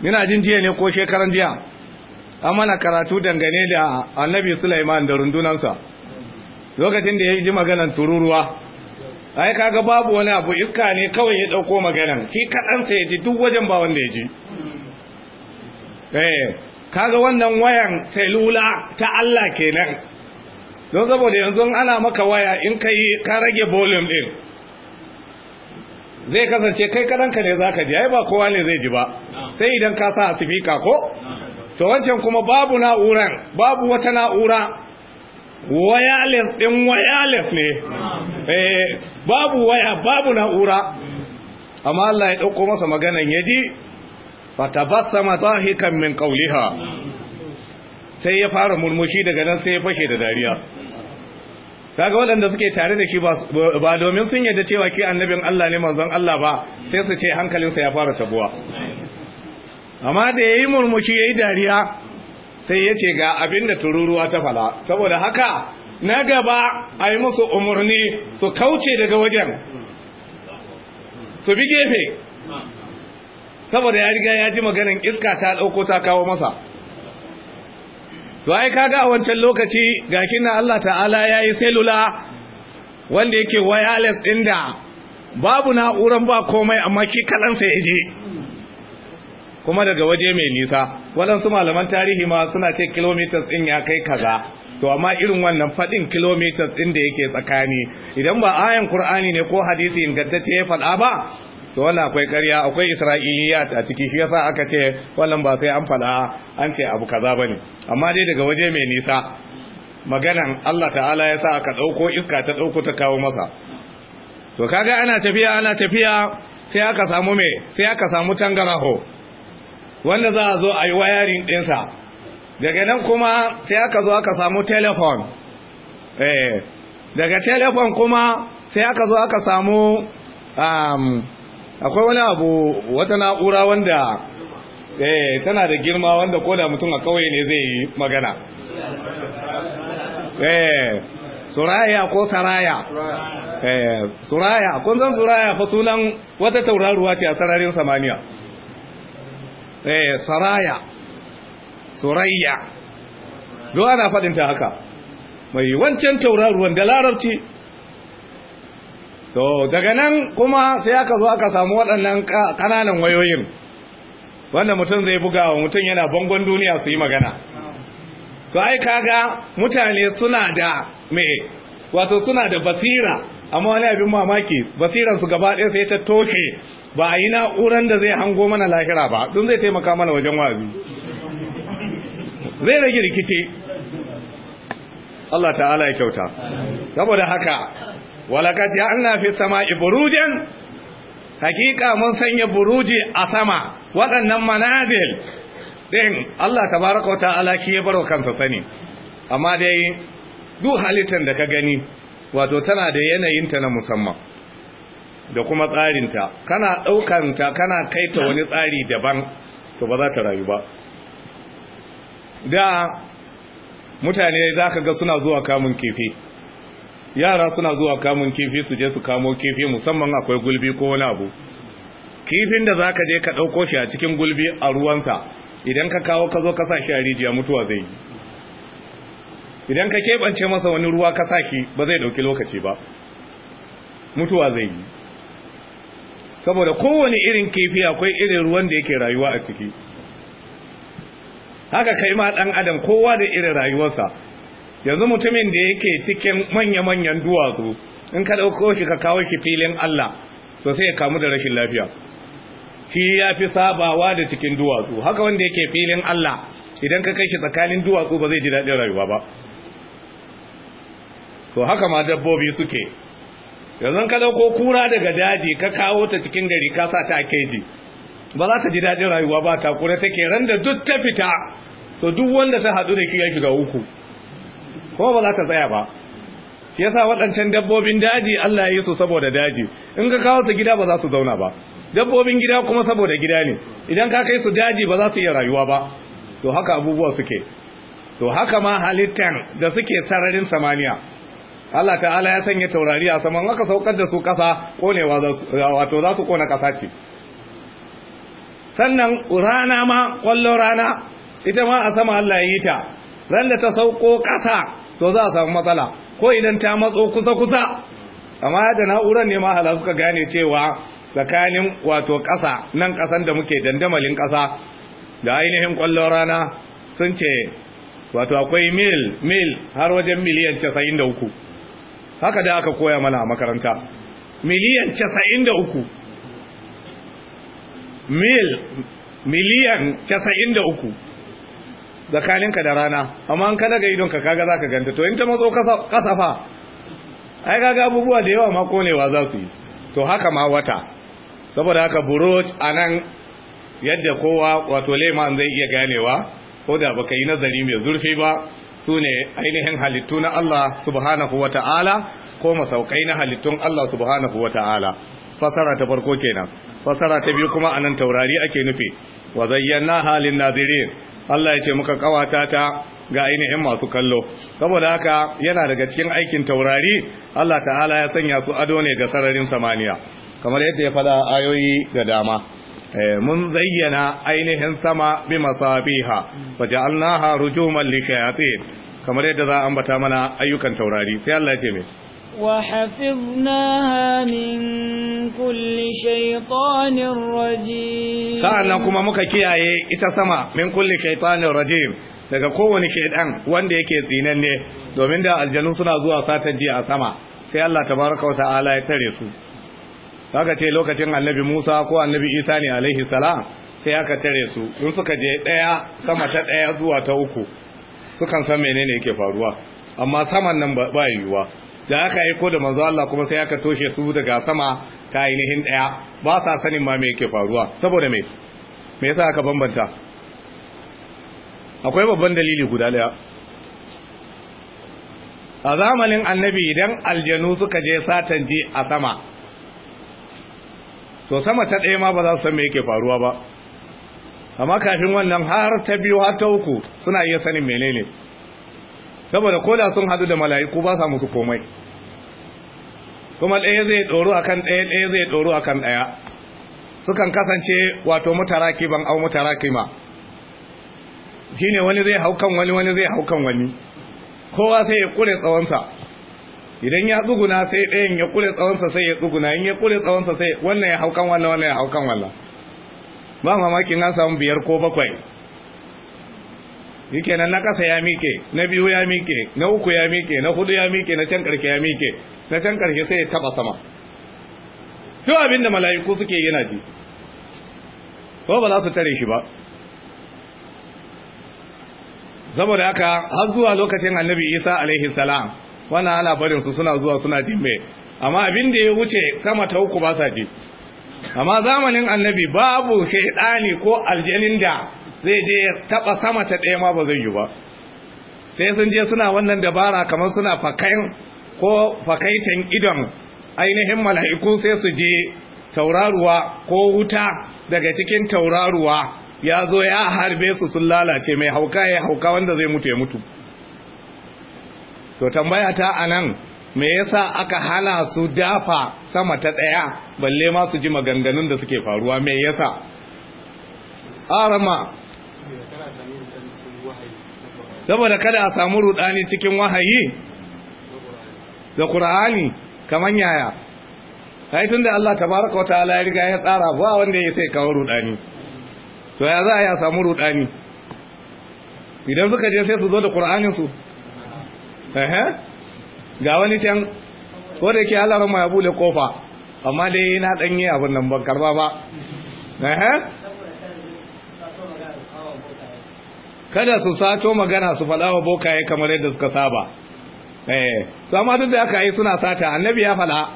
yana jin jiya ne ko shekaran jiya an mana karatu dangane da annabi sulaiman da rundunansa lokacin da ya ji maganan tururuwa ai kaga babu wani abu iska ne kawai ya dauko maganan shi kadan sai ji duk wajen ba wanda ya ji eh kaga wannan wayan selula ta Allah kenan don saboda yanzu ana maka waya in kai ka rage volume din zai kasance kai kaɗanka ne zaka ji ai ba kowa ne zai ji ba sai idan ka sa speaker ko to wancan kuma babu na'uran babu wata na'ura wireless ɗin wireless ne eh, babu waya babu na'ura amma Allah ya ɗauko masa maganan yaji fatabassama dahikan min qawliha sai ya fara murmushi daga nan sai ya fashe da dariya kaga waɗanda suke tare da shi ba domin sun yadda cewa ke annabin Allah ne manzon Allah ba sai su ce hankalinsa ya fara tabuwa amma da yayi murmushi yayi dariya sai ya ce ga abin da tururuwa ta fala saboda haka na gaba a yi musu umarni su kauce daga wajen su bi gefe saboda ya riga ya ji maganin iska ta ɗauko ta kawo masa to ai kaga a wancan lokaci ga kina Allah ta'ala ya yi selula wanda yake wireless ɗin da babu na'uran ba komai amma ki kalansa ya je kuma daga waje mai nisa waɗansu malaman tarihi ma suna ce kilomitas ɗin ya kai kaza to amma irin wannan faɗin kilomitas ɗin da yake tsakani idan ba ayan Kur'ani ne ko hadisi ingantacce ya faɗa ba to wannan akwai ƙarya akwai isra'iliyat a ciki shi yasa aka ce wannan ba sai an faɗa an ce abu kaza bane amma dai daga waje mai nisa maganan Allah ta'ala ya sa aka ɗauko iska ta ɗauko ta kawo masa to kaga ana tafiya ana tafiya sai aka samu me sai aka samu tangaraho wanda za a zo a yi wayarin ɗinsa daga nan kuma sai aka zo aka samu telefon eh daga telefon kuma sai aka zo aka samu um, akwai wani abu wata na'ura wanda eh tana da girma wanda ko da mutum a kawai ne zai yi magana eh suraya ko saraya eh suraya kun san suraya fa sunan wata tauraruwa ce a sararin samaniya Eh, saraya surayya duk ana faɗin ta haka mai wancan tauraruwan da larabci to daga nan kuma sai aka zo aka samu waɗannan ƙananan wayoyin wanda mutum zai buga wa mutum yana bangon duniya su yi magana to ai kaga mutane suna da me wato suna da basira amma wani abin mamaki basiran su gaba ɗaya sai ta toke ba a yi na'uran da zai hango mana lahira ba don zai taimaka mana wajen wazi zai rage rikici Allah ta'ala ya kyauta saboda haka walakat ya an fi sama iburujen hakika mun sanya buruji a sama waɗannan manazil ɗin Allah ta wa ta'ala shi ya baro kansa sani amma dai duk halittar da ka gani wato tana da yanayinta na musamman da kuma tsarinta kana ɗaukanta kana kai ta wani tsari daban to ba za ta rayu ba da mutane za ka ga suna zuwa kamun kifi yara suna zuwa kamun kifi su je su kamo kifi musamman akwai gulbi ko wani abu kifin da za ka je ka ɗauko shi a cikin gulbi a ruwansa idan ka kawo ka zo ka sa shi a rijiya mutuwa zai yi idan ka keɓance masa wani ruwa ka saki ba zai ɗauki lokaci ba mutuwa zai yi saboda kowane irin kifi akwai irin ruwan da yake rayuwa a ciki haka kai ma ɗan adam kowa da irin rayuwarsa yanzu mutumin da yake cikin manya-manyan duwatsu in ka ɗauko shi ka kawo shi filin Allah so sai ya kamu da rashin lafiya shi ya fi sabawa da cikin duwatsu haka wanda yake filin Allah idan ka kai shi tsakanin duwatsu ba zai ji daɗin rayuwa ba to haka ma dabbobi suke yanzu ka dauko kura daga daji ka kawo ta cikin gari ka sa ta keji ba za ta ji dadin rayuwa ba ta kura take randa duk ta fita to duk wanda ta hadu da ki ya shiga uku ko ba za ta tsaya ba shi yasa waɗancan dabbobin daji Allah ya yi su saboda daji in ka kawo su gida ba za su zauna ba dabbobin gida kuma saboda gida ne idan ka kai su daji ba za su iya rayuwa ba to haka abubuwa suke to haka ma halittan da suke sararin samaniya Allah ta'ala ya sanya taurari a saman aka saukar da su kasa konewa wato za su kona kasa ce sannan rana ma kwallon rana ita ma a sama Allah yi ta ran da ta sauko kasa to za a samu matsala ko idan ta matso kusa kusa amma da na'urar ne ma hala suka gane cewa tsakanin wato kasa nan kasan da muke dandamalin kasa da ainihin kwallon rana sun ce wato akwai mil mil har wajen miliyan 93 haka da aka koya mana a makaranta miliyan 93 mil miliyan 93 zakalinka da rana amma an ka daga idonka kaga za ka ganta to in ta matso kasafa ai kaga abubuwa da yawa ma konewa za su yi to haka ma wata saboda haka buroj a nan yadda kowa wato leman zai iya ganewa ko da baka yi nazari mai zurfi ba su ne ainihin halittu na Allah subhanahu wa ta'ala ko masaukai na halittun Allah subhanahu wa ta'ala fasara ta farko kenan fasara ta biyu kuma a nan taurari ake nufi wa zayyana halin nazirin Allah ya ce muka kawata ta ga ainihin masu kallo saboda haka yana daga cikin aikin taurari Allah ta'ala ya sanya su ado ne ga sararin samaniya kamar yadda ya fada ayoyi da dama Eh, mun zayyana ainihin sama bi masabiha hmm. waja'alnaha rujuman lishayatin kamar yadda za a ambata mana ayyukan taurari sai Allah ya ce mai وحفظناها من كل sa'annan kuma muka kiyaye ita sama min kulli shaytanir rajim daga kowane shaydan wanda yake tsinanne domin da aljanu suna zuwa satan jiya a sama sai Allah tabaraka wa ta'ala ya tare su ka ce lokacin annabi Musa ko annabi Isa ne alaihi salam sai aka tare su in suka je daya sama ta daya zuwa ta uku sukan san menene yake faruwa amma saman nan ba yiwuwa da aka aiko da manzo Allah kuma sai aka toshe su daga sama ta ainihin daya ba sa sanin ma me yake faruwa saboda me me yasa aka bambanta akwai babban dalili guda daya a zamanin annabi idan aljanu suka je satan ji a sama to sama ta ɗaya ma ba za su san me yake faruwa ba amma kafin wannan har ta biyu har ta uku suna iya sanin menene saboda ko da sun hadu da mala'iku ba sa musu komai kuma ɗaya zai ɗoro akan ɗaya ɗaya zai ɗoro akan ɗaya sukan kasance wato mutaraki ban au mutaraki ma shine wani zai hau kan wani wani zai hau kan wani kowa sai ya kure tsawonsa idan ya tsuguna sai ɗayan ya kure tsawonsa sai ya tsuguna in ya kure tsawonsa sai wannan ya haukan wannan wannan ya haukan wannan ba mamakin na samu biyar ko bakwai yake nan na ƙasa ya mike na biyu ya mike na uku ya mike na hudu ya mike na can ƙarshe ya mike na can ƙarshe sai ya taɓa sama yau abin da mala'iku suke yana ji ko ba za su tare shi ba saboda haka har zuwa lokacin annabi isa alaihi salam wannan ana barin su suna zuwa suna jin mai amma abin da ya wuce sama ta uku ba sa ji amma zamanin annabi babu shaidani ko aljanin da zai je taba sama ta ɗaya ma ba zai yi ba sai sun je suna wannan dabara kamar suna fakain ko fakaitan idon ainihin mala'iku sai su je tauraruwa ko wuta daga cikin tauraruwa ya zo ya harbe su sun lalace mai hauka ya hauka wanda zai mutu ya mutu to tambaya ta anan me yasa aka hana su dafa sama ta daya balle ma su ji maganganun da suke faruwa me yasa arama saboda kada a samu rudani cikin wahayi da qur'ani kaman yaya sai tunda Allah tabaraka ta'ala ya riga ya tsara ba wanda ya sai kawo rudani to ya za a samu rudani idan suka je sai su zo da qur'anin su ga wani can ko da ke Allah ya bude kofa amma dai na danye abin nan ban karba ba kada su sato magana su faɗa wa bokaye kamar yadda suka saba ehe to amma duk da aka yi suna sata annabi ya faɗa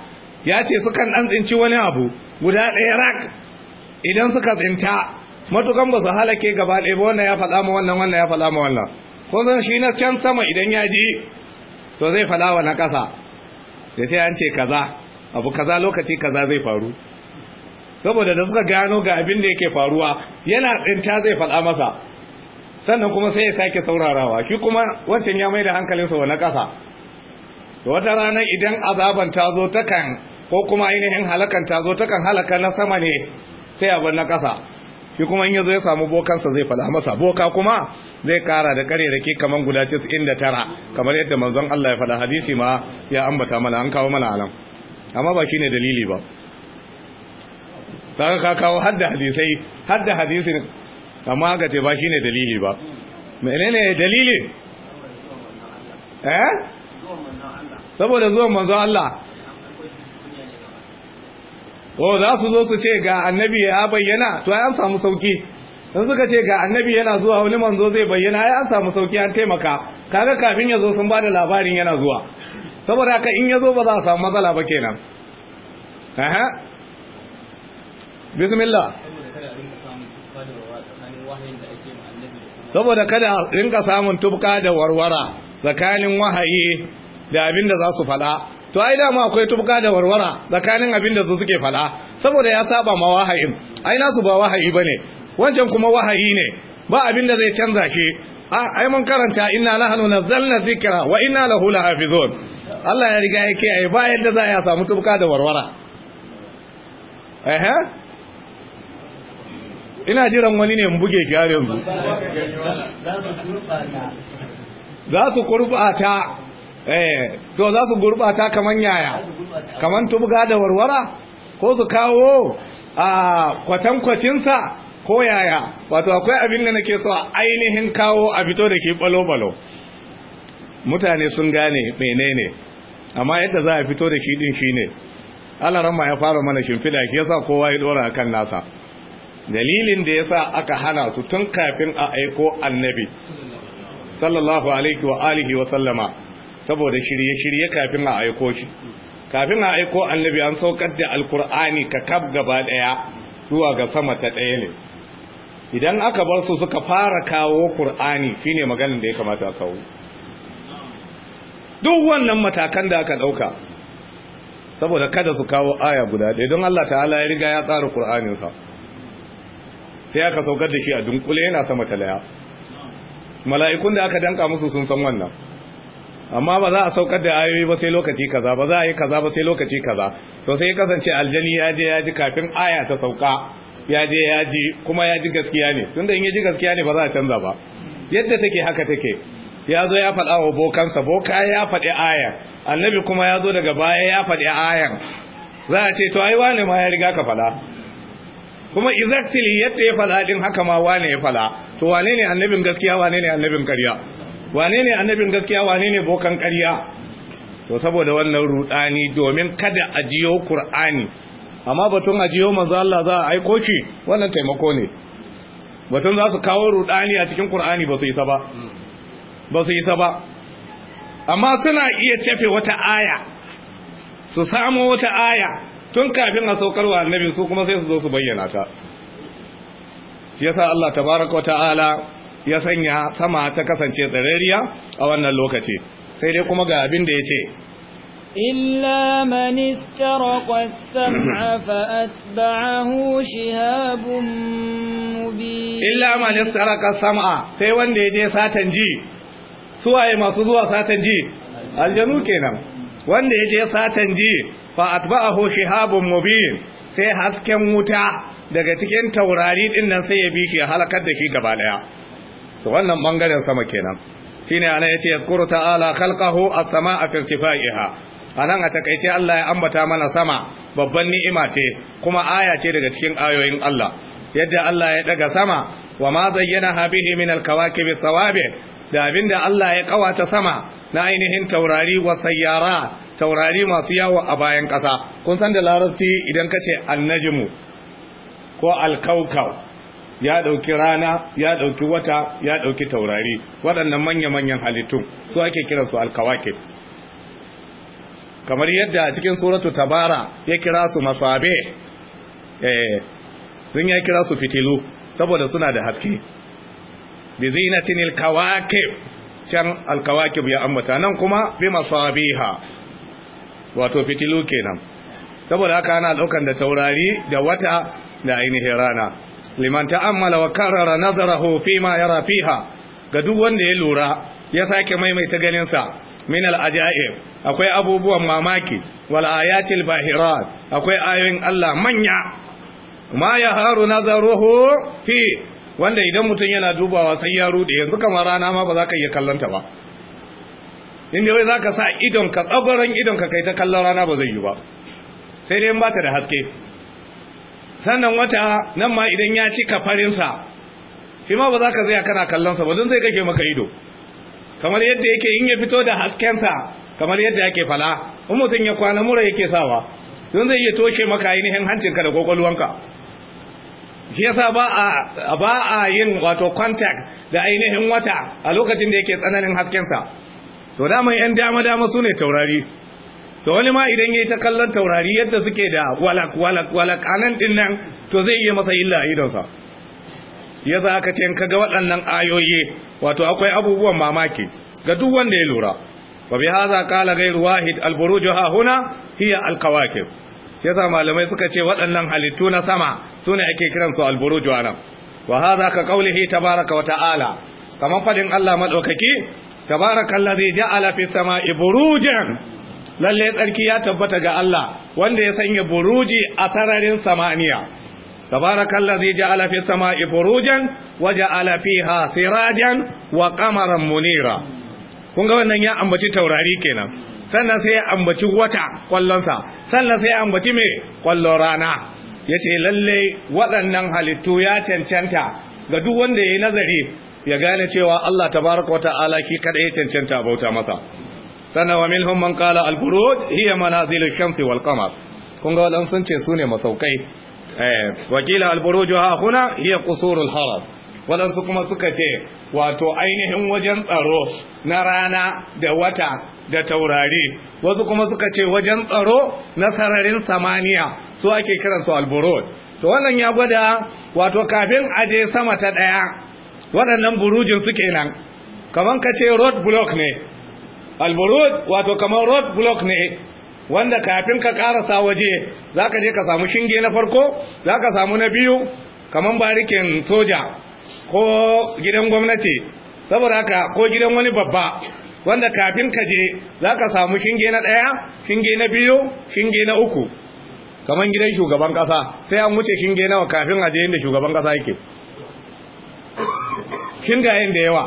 ya ce sukan ɗan tsinci wani abu guda ɗaya rak idan suka tsinta matukan ba su halake gaba ɗaya ba wannan ya faɗa ma wannan wannan ya faɗa ma wannan kun san shi na can sama idan ya ji to zai fada wa na ƙasa da sai an ce kaza abu kaza lokaci kaza zai faru saboda da suka gano ga abin da yake faruwa yana tsinta zai fada masa sannan kuma sai ya sake saurarawa shi kuma wancan ya mai da hankalinsa wa na kasa da wata rana idan azaban ta zo takan ko kuma ainihin halakan ta zo takan halaka na sama ne sai abin na kasa shi kuma in yazo ya samu bokansa zai fada masa boka kuma zai kara da ke kaman guda 99 kamar yadda manzon Allah ya fada hadisi ma ya ambata mana an kawo mana anan amma ba shine dalili ba dan ka kawo hadda hadisai hadda hadisin amma ga ce ba shine dalili ba menene dalili eh saboda zuwan manzon Allah ko za su zo su ce ga annabi ya bayyana to ai an samu sauki Sun suka ce ga annabi yana zuwa wani manzo zai bayyana ai an samu sauki an taimaka kaga kafin ya zo sun ba da labarin yana zuwa saboda haka in ya zo ba za a samu matsala ba kenan aha bismillah saboda kada a rinka samun tubka da warwara tsakanin wahayi da abin da za su faɗa to ai dama akwai tubka da warwara tsakanin abin da su suke fada saboda ya saba ma wahayin ai nasu ba wahayi bane wancan kuma wahayi ne ba abin da zai canza shi ah, ai mun karanta inna nahnu nazzalna zikra wa inna lahu lahafizun Allah ya riga yake ai ba yadda za ya samu tubka da warwara eh ina jiran wani ne mun buge ki har yanzu za su kurbata eh to za su gurbata kaman yaya kaman tubga da warwara ko su kawo a kwatankwacinsa ko yaya wato akwai abin da nake so ainihin kawo a fito da ke balo-balo mutane sun gane menene amma yadda za a fito da shi din shine Allah ramma ya fara mana shimfida ke yasa kowa ya dora kan nasa dalilin da yasa aka hana su tun kafin a aiko annabi sallallahu alaihi wa alihi wa sallama saboda shirye-shirye kafin a aiko shi kafin a aiko annabi an saukar da alkur'ani ka kaf gaba daya zuwa ga sama ta daya ne idan aka bar su suka fara kawo qur'ani shine maganin da ya kamata a kawo duk wannan matakan da aka dauka saboda kada su kawo aya guda ɗaya don Allah ta'ala ya riga ya tsara qur'anin sa sai aka saukar da shi a dunkule yana sama ta laya mala'ikun da aka danka musu sun san wannan amma ba za a saukar da ayoyi ba sai lokaci kaza ba za a yi kaza ba sai lokaci kaza so sai kasance aljani ya je ya ji kafin aya ta sauka ya je ya ji kuma ya ji gaskiya ne tunda in ya ji gaskiya ne ba za a canza ba yadda take haka take ya zo ya faɗa wa bokansa boka ya faɗi ayan annabi kuma ya zo daga baya ya faɗi ayan za a ce to ai wane ma ya riga ka faɗa kuma exactly yadda ya faɗa din haka ma wane ya faɗa to wane ne annabin gaskiya wane ne annabin ƙarya wane ne annabin gaskiya wane ne bokan ƙarya to saboda wannan rudani domin kada a jiyo qur'ani amma batun a jiyo manzo Allah za a aiko shi wannan taimako ne batun za su kawo rudani a cikin Kur'ani ba su yi ta ba ba su yi ta ba amma suna iya cefe wata aya su samu wata aya tun kafin a saukar wa annabi su kuma sai su zo su bayyana ta shi yasa Allah tabaraka wa ta'ala ya sanya sama ta kasance tsirariya a wannan lokaci sai dai kuma ga abin da ya ce إلا من استرق السمع فأتبعه shihabun مبين illa من استرق السمع sai wanda ya je satan ji suwaye masu zuwa satan ji aljanu kenan wanda ya je satan ji fa atba'ahu shihabun mubin sai hasken wuta daga cikin taurari din nan sai ya bi shi halakar da shi gaba daya to wannan bangaren sama kenan shine ana yace yaskuru ta'ala khalqahu as-samaa fi irtifaiha anan a takaice Allah ya ambata mana sama babban ni'ima ce kuma aya ce daga cikin ayoyin Allah yadda Allah ya daga sama wa ma zayyana bihi min al-kawakib as-sawabi da abinda Allah ya kawata sama na ainihin taurari wa sayyara taurari masu yawo a bayan ƙasa kun san da larabci idan kace ce annajmu ko alkaukau ya ɗauki rana ya ɗauki wata ya ɗauki taurari waɗannan manya-manyan halittun su ake su alkawakib kamar yadda a cikin suratu tabara ya kira su masabe eh sun ya kira su fitilu saboda suna da haske bi zinatin alkawakib can alkawakib ya ambata nan kuma bi masabiha wato fitilu kenan saboda haka ana daukan da taurari da wata da ainihin rana liman ta'ammala wa karara nazarahu fi ma yara fiha ga duk wanda ya lura ya sake maimaita ganin sa min al-ajaib akwai abubuwan mamaki wal ayatil bahirat akwai ayoyin Allah manya ma haru nazaruhu fi wanda idan mutum yana dubawa sai ya rude yanzu kamar rana ma ba za ka iya kallonta ba inda wai za ka sa idon ka tsabaran idon ka kai ta kallon rana ba zai yi ba sai dai in ba ta da haske sannan wata nan ma idan ya cika farinsa shi ma ba za ka zaya kana kallonsa ba don zai kake maka ido kamar yadda yake in ya fito da haskensa kamar yadda yake fala in mutum ya kwana mura yake sawa don zai iya toshe maka ainihin hancinka da kwakwalwanka shi yasa ba a ba a yin wato contact da ainihin wata a lokacin da yake tsananin haskensa to daman yan dama dama su ne taurari to wani ma idan yayi ta kallon taurari yadda suke da walak walak walak anan din nan to zai iya masa illa a idonsa ya za ka ce in ga waɗannan ayoyi wato akwai abubuwan mamaki ga duk wanda ya lura wa bi hadha qala ghayru wahid al buruj huna hiya al kawakib sai sa malamai suka ce waɗannan halittu na sama sune ake su al buruj nan? wa hadha ka qawlihi tabaaraka wa ta'ala kaman fadin Allah madaukaki tabaarakallazi ja'ala fis sama'i burujan lalle tsarki ya tabbata ga Allah wanda ya sanya buruji a sararin samaniya tabarakallazi ja'ala alafi sama'i burujan wa ja'ala fiha sirajan wa qamaran munira kun ga wannan ya ambaci taurari kenan sannan sai ya ambaci wata kwallonsa sannan sai ya ambaci me kwallon rana yace lalle waɗannan halittu ya cancanta ga duk wanda ya yi nazari ya gane cewa Allah tabaraka wata ki kada ya cancanta bauta masa sannan wa minhum man kala al-buruj hiya manazilu shamsi wal qamar kun ga sun ce su ne masaukai eh wakila al-buruj ha kuna hiya qusurul haram kuma suka ce wato ainihin wajen tsaro na rana da wata da taurari wasu kuma suka ce wajen tsaro na sararin samaniya su ake kiransu al-buruj to wannan ya gwada wato kafin aje sama ta daya waɗannan burujin suke nan. Kamar ka ce road block ne alburud wato kamar road block ne wanda kafin ka karasa waje zaka je ka samu shinge na farko zaka samu na biyu kamar barikin soja ko gidan gwamnati saboda haka ko gidan wani babba wanda kafin ka je zaka samu shinge na daya shinge na biyu shinge na uku kamar gidan shugaban kasa sai an wuce shinge nawa kafin a je inda shugaban kasa yake shingayen da yawa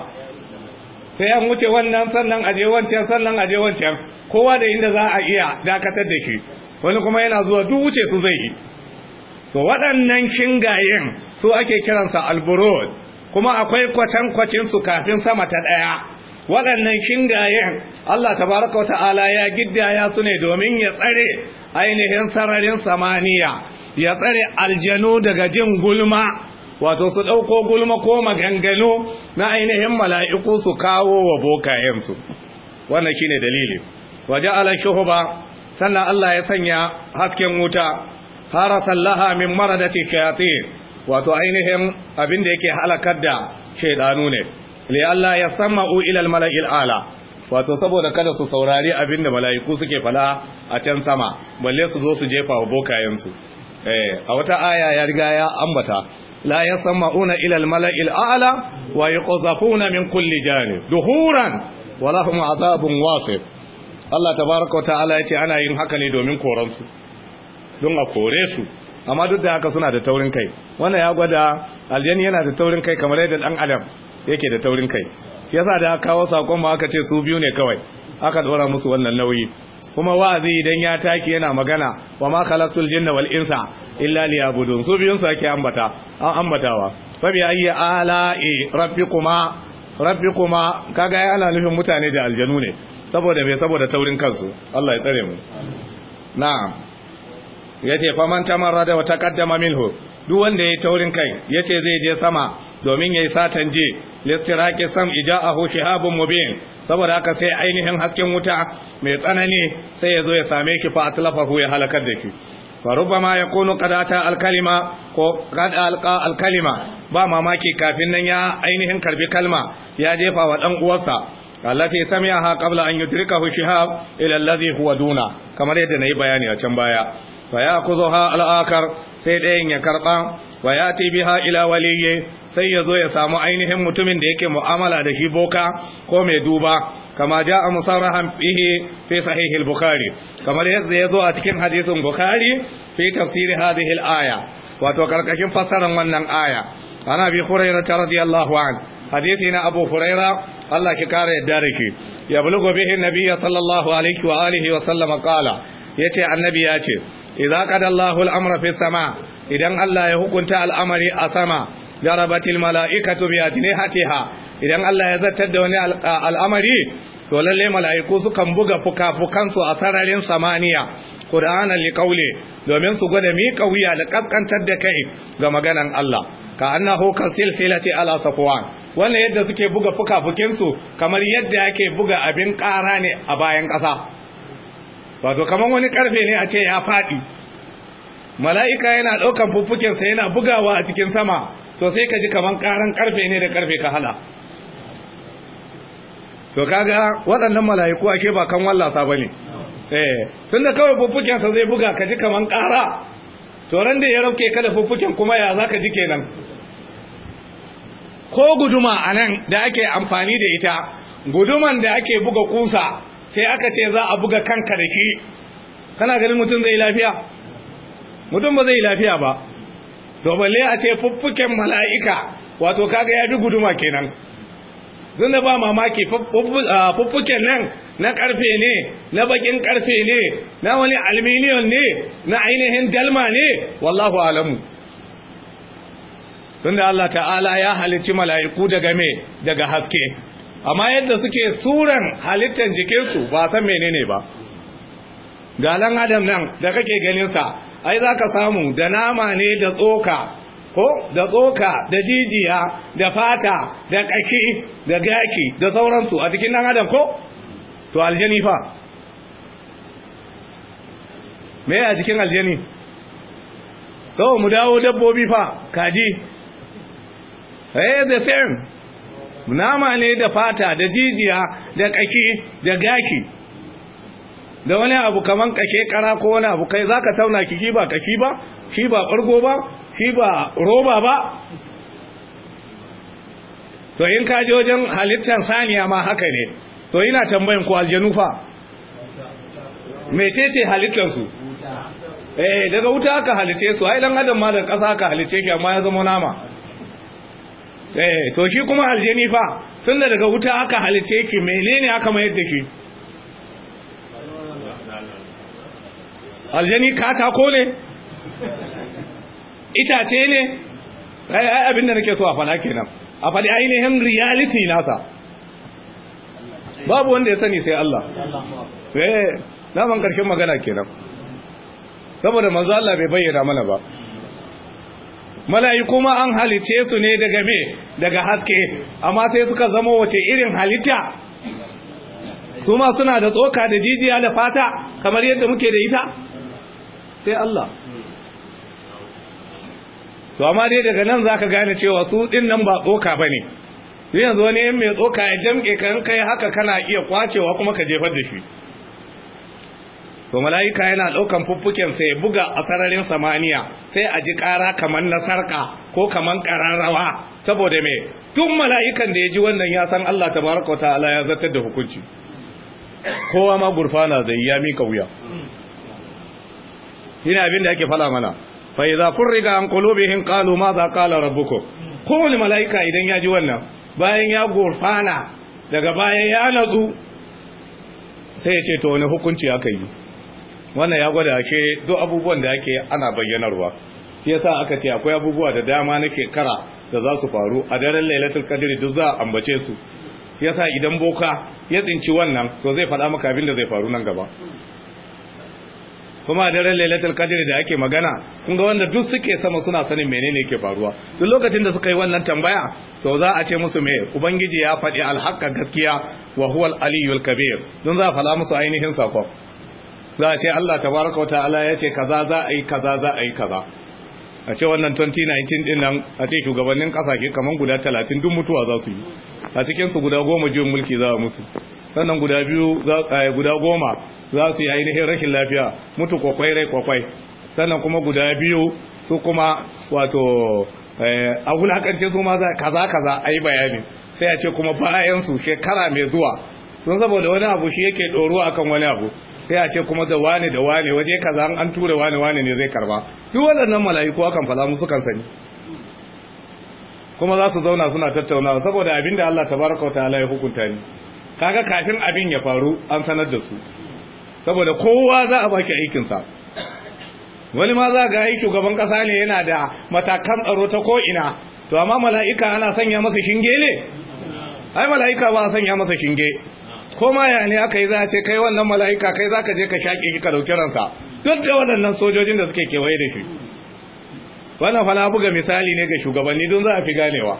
sai an wuce wannan sannan aje wancan sannan aje wancan kowa da inda za a iya dakatar da shi wani kuma yana zuwa duk wuce su zai yi to waɗannan shingayen su ake kiransa alburod kuma akwai kwatankwacin su kafin sama ta ɗaya waɗannan shingayen Allah tabaraka wa ta'ala ya giddaya su ne domin ya tsare ainihin sararin samaniya ya tsare aljanu daga jin gulma wato su ɗauko gulma ko maganganu na ainihin mala'iku su kawo wa bokayensu wannan shine dalili waje alakihu ba sannan Allah ya sanya hasken wuta harasan sallaha min maradati shayati wato ainihin abin da yake halakar da shaidanu ne li Allah ya sama'u ila al-mala'il ala wato saboda kada su saurari abin da mala'iku suke fala a can sama balle su zo su jefa wa bokayensu eh, a wata aya ya riga ya ambata la yasma'una ila al-mala'il a'la wa yuqzafuna min kulli janib duhuran wa lahum 'adabun wasif Allah tabaaraka wa ta'ala yace ana yin haka ne domin koran su don a kore su amma duk da haka suna da taurin kai wannan ya gwada aljani yana da taurin kai kamar yadda dan adam yake da taurin kai yasa da kawo sakon ma aka ce su biyu ne kawai aka dora musu wannan nauyi kuma wa'azi idan ya taki yana magana wa ma khalaqtul jinna wal insa illa liyabudun su biyun su ake ambata an ambatawa fabi ayi kuma rabbikuma rabbikuma kaga ya ana nufin mutane da aljanu ne saboda me saboda taurin kansu Allah ya tsare mu na'am yace tamarra da wa taqaddama minhu duk wanda yayi taurin kai yace zai je sama domin yayi satan je listiraqi sam ija'ahu shihabun mubin saboda haka sai ainihin hasken wuta mai tsanani sai ya zo ya same shi fa atlafahu ya halakar da shi فربما يكون قد أتى الكلمة قد ألقى alkalima ba mamaki kafin nan ya ainihin karbi kalma ya jefa wa dan uwarsa allati sami'aha qabla an yudrikahu shihab ila alladhi huwa duna kamar yadda nayi bayani a can baya fa ya'khudha al'akar sai dayan ya karba wa yati biha ila waliyyi sai ya zo ya samu ainihin mutumin da yake mu'amala da shi boka ko mai duba kama ja a musarrahan fihi fi sahih bukhari kamar yadda ya zo a cikin hadisin bukhari fi tafsir hadhihi al-aya wato karkashin fassarar wannan aya ana bi hurairah radiyallahu anhu hadisi na abu huraira Allah ki kara yadda da ke ya bulugo bihin nabiyya sallallahu alaihi wa alihi wa sallama qala yace annabi ya ce idza qada al-amra fi sama idan Allah ya hukunta al'amari a sama jarabatil mala'ikatu bi ajnihatiha idan Allah ya zartar da wani al'amari to lalle mala'iku sukan buga fuka-fukansu a sararin samaniya qur'anan liqauli domin su gwada mi kauya da kaskantar da kai ga maganan Allah ka na hukar silsilati ala safwan wannan yadda suke buga fuka-fukinsu kamar yadda yake buga abin ƙara ne a bayan ƙasa wato kamar wani karfe ne a ce ya faɗi mala'ika yana ɗaukan fuffukinsa yana bugawa a cikin sama to sai ka ji kaman karan karfe ne da karfe ka hala to kaga waɗannan mala'iku ake ba kan wallasa bane eh da kawai fuffuken sa zai buga ka ji kaman kara to ran da ya rauke ka da fuffuken kuma ya zaka ji kenan ko guduma a nan da ake amfani da ita guduman da ake buga kusa sai aka ce za a buga kanka da shi kana ganin mutum zai lafiya mutum ba zai lafiya ba domin balle a ce fuffuken mala'ika wato kaga ya duguduma kenan zunda ba mamaki fuffuken nan na karfe ne na bakin karfe ne na wani alminiyon ne na ainihin dalma ne wallahu alamu da Allah ta'ala ya halicci mala'iku daga me daga haske amma yadda suke suran halittar jikinsu ba san menene ba galan adam nan da kake ganinsa ai za ka samu da nama ne da tsoka ko da tsoka da jijiya da fata da ƙashi da gaki da sauransu a cikin nan adam ko to aljani fa me a cikin aljani to mu dawo dabbobi fa kaji eh the same nama ne da fata da jijiya da ƙashi da gaki da wani abu kaman kake kara ko wani abu kai zaka tauna ki kiki ba kaki ba shi ba ɓargo ba shi ba roba ba to in ka je wajen halittar saniya ma haka ne to ina tambayin ku aljanu fa mecece halittar su eh daga wuta aka halice su ai dan adam ma da ƙasa aka halice shi amma ya zama nama eh to shi kuma aljani fa tunda daga wuta aka halice ki menene aka mayar da shi aljani katako ne itace ne ai abin da nake so a fana kenan a faɗi ainihin reality nasa babu wanda ya sani sai Allah eh naman karshen magana kenan saboda manzo Allah bai bayyana mana ba mala'iku ma an halice su ne daga me daga haske amma sai suka zama wace irin halitta su ma suna da tsoka da jijiya da fata kamar yadda muke da ita sai Allah to amma dai daga nan zaka gane cewa su din nan ba tsoka bane sai yanzu wani yan mai tsoka ya damke kan kai haka kana iya kwacewa kuma ka jefar da shi to mala'ika yana daukan fuffuken sai ya buga a sararin samaniya sai a ji kara kamar na sarka ko kamar kararrawa saboda me tun mala'ikan da ya ji wannan ya san Allah tabaraka wa ta'ala ya zartar da hukunci kowa ma gurfana zai ya mika wuya shine abin da yake fala mana fa idza furiga an qulubihim qalu ma za qala rabbukum kowane mala'ika idan ya ji wannan bayan ya gurfana daga bayan ya nazu. sai ya ce to wani hukunci aka yi wannan ya gwada ke duk abubuwan da ake ana bayyanarwa shi yasa aka ce akwai abubuwa da dama nake kara da za su faru a daren lailatul qadri duk za a ambace su shi yasa idan boka ya tsinci wannan to zai faɗa maka abin da zai faru nan gaba kuma ran lailatul qadr da ake magana kun ga wanda duk suke sama suna sanin menene yake faruwa duk lokacin da suka yi wannan tambaya to za a ce musu me ubangiji ya faɗi alhaqqa gaskiya wa huwa al-aliyyul kabir don za a fala musu ainihin sako za a ce Allah tabaraka wa ta'ala ya ce kaza za a yi kaza za a yi kaza a ce wannan 2019 din nan a ce shugabannin kasashe kaman guda 30 duk mutuwa za su yi a cikin su guda goma jiyon mulki za a musu sannan guda biyu za a eh, guda goma za su yi ainihin rashin lafiya mutu kwakwai rai kwakwai sannan kuma guda biyu su kuma wato eh, a wulakance su ma kaza kaza a yi bayani sai a ce kuma bayan su shekara mai zuwa sun saboda wani abu shi yake a akan wani abu sai a ce kuma da wane da wane waje kaza an tura wane wane ne zai karba duk waɗannan mala'iku akan fada musu kan sani kuma za su zauna suna tattaunawa saboda abin da Allah tabaraka ta'ala ya hukunta ni kaga kafin abin ya faru an sanar da su saboda kowa za a baki aikinsa wani ma za ga yi shugaban kasa ne yana da matakan tsaro ta ko'ina to amma mala'ika ana sanya masa shinge ne ai mala'ika ba a sanya masa shinge ko ma ya ne aka yi za a ce kai wannan mala'ika kai za ka je ka shaƙe ka ɗauki ransa duk da waɗannan sojojin da suke kewaye da shi wannan fala buga misali ne ga shugabanni don za a fi ganewa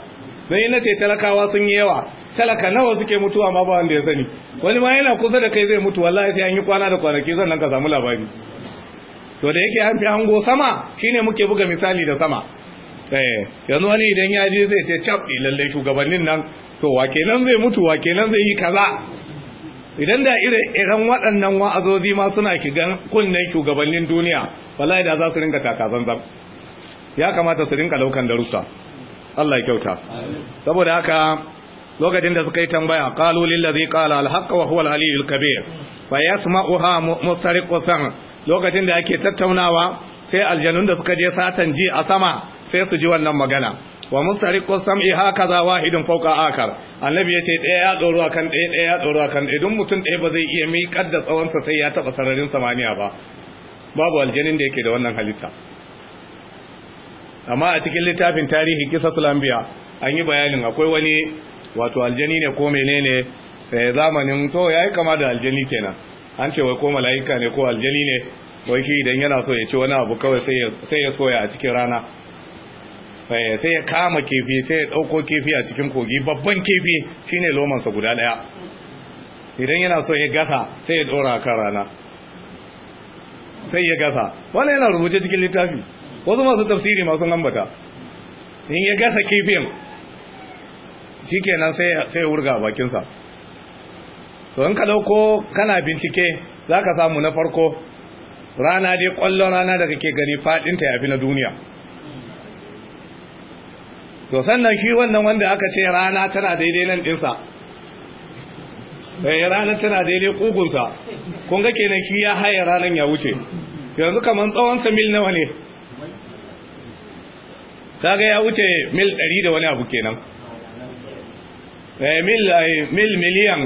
don yi na ce talakawa sun yi yawa talaka nawa suke mutuwa ma ba wanda ya sani wani ma yana kusa da kai zai mutu wallahi sai an yi kwana da kwanaki sannan ka samu labari to da yake an fi hango sama shine muke buga misali da sama eh yanzu wani idan ya je zai ce cap eh, lalle shugabannin nan to wa kenan zai mutu wa kenan zai yi kaza idan da irin waɗannan wa'azozi ma suna gan kunnen shugabannin duniya wallahi da za su ringa takazanzan ya kamata su rinka laukan darussa Allah ya kyauta saboda haka lokacin da suka yi tambaya qalu lil ladhi qala al haqq wa huwa al ali al kabir fa yasma'uha mustariqu lokacin da ake tattaunawa sai aljanun da suka je satan ji a sama sai su ji wannan magana wa mustariqu sam'i hakaza wahidun fawqa akar annabi yace daya ya doro akan daya daya ya doro akan ɗaya, duk mutum ɗaya ba zai iya miƙar da tsawonsa sai ya taba sararin samaniya ba babu aljanin da yake da wannan halitta amma a cikin littafin tarihi su sulambiya an yi bayanin akwai wani wato aljani ne ko menene eh, zamanin to yayi kama da aljani kenan an ce wai ko malaika ne ko aljani ne wai ki idan yana so ya ci wani abu kawai sai ya soya a cikin rana eh, sai ya kama kifi sai ya dauko kifi a cikin kogi babban kifi shine sa guda daya idan yana so ya gasa sai ya dora kan rana sai ya gasa wannan yana rubuce cikin littafi wasu masu tafsiri masu ambata in ya gasa kifin shikenan sai sai wurga bakin sa to in ka dauko kana bincike zaka samu na farko rana dai kwallon rana da kake gani fadin ta yafi na duniya to sannan shi wannan wanda aka ce rana tana daidai nan dinsa sai eh, rana tana daidai kugunsa kun ga kenan shi ya haye ranan ya wuce yanzu kaman tsawon sa mil nawa ne kaga ya wuce mil 100 da wani abu kenan Eh, mil eh, miliyan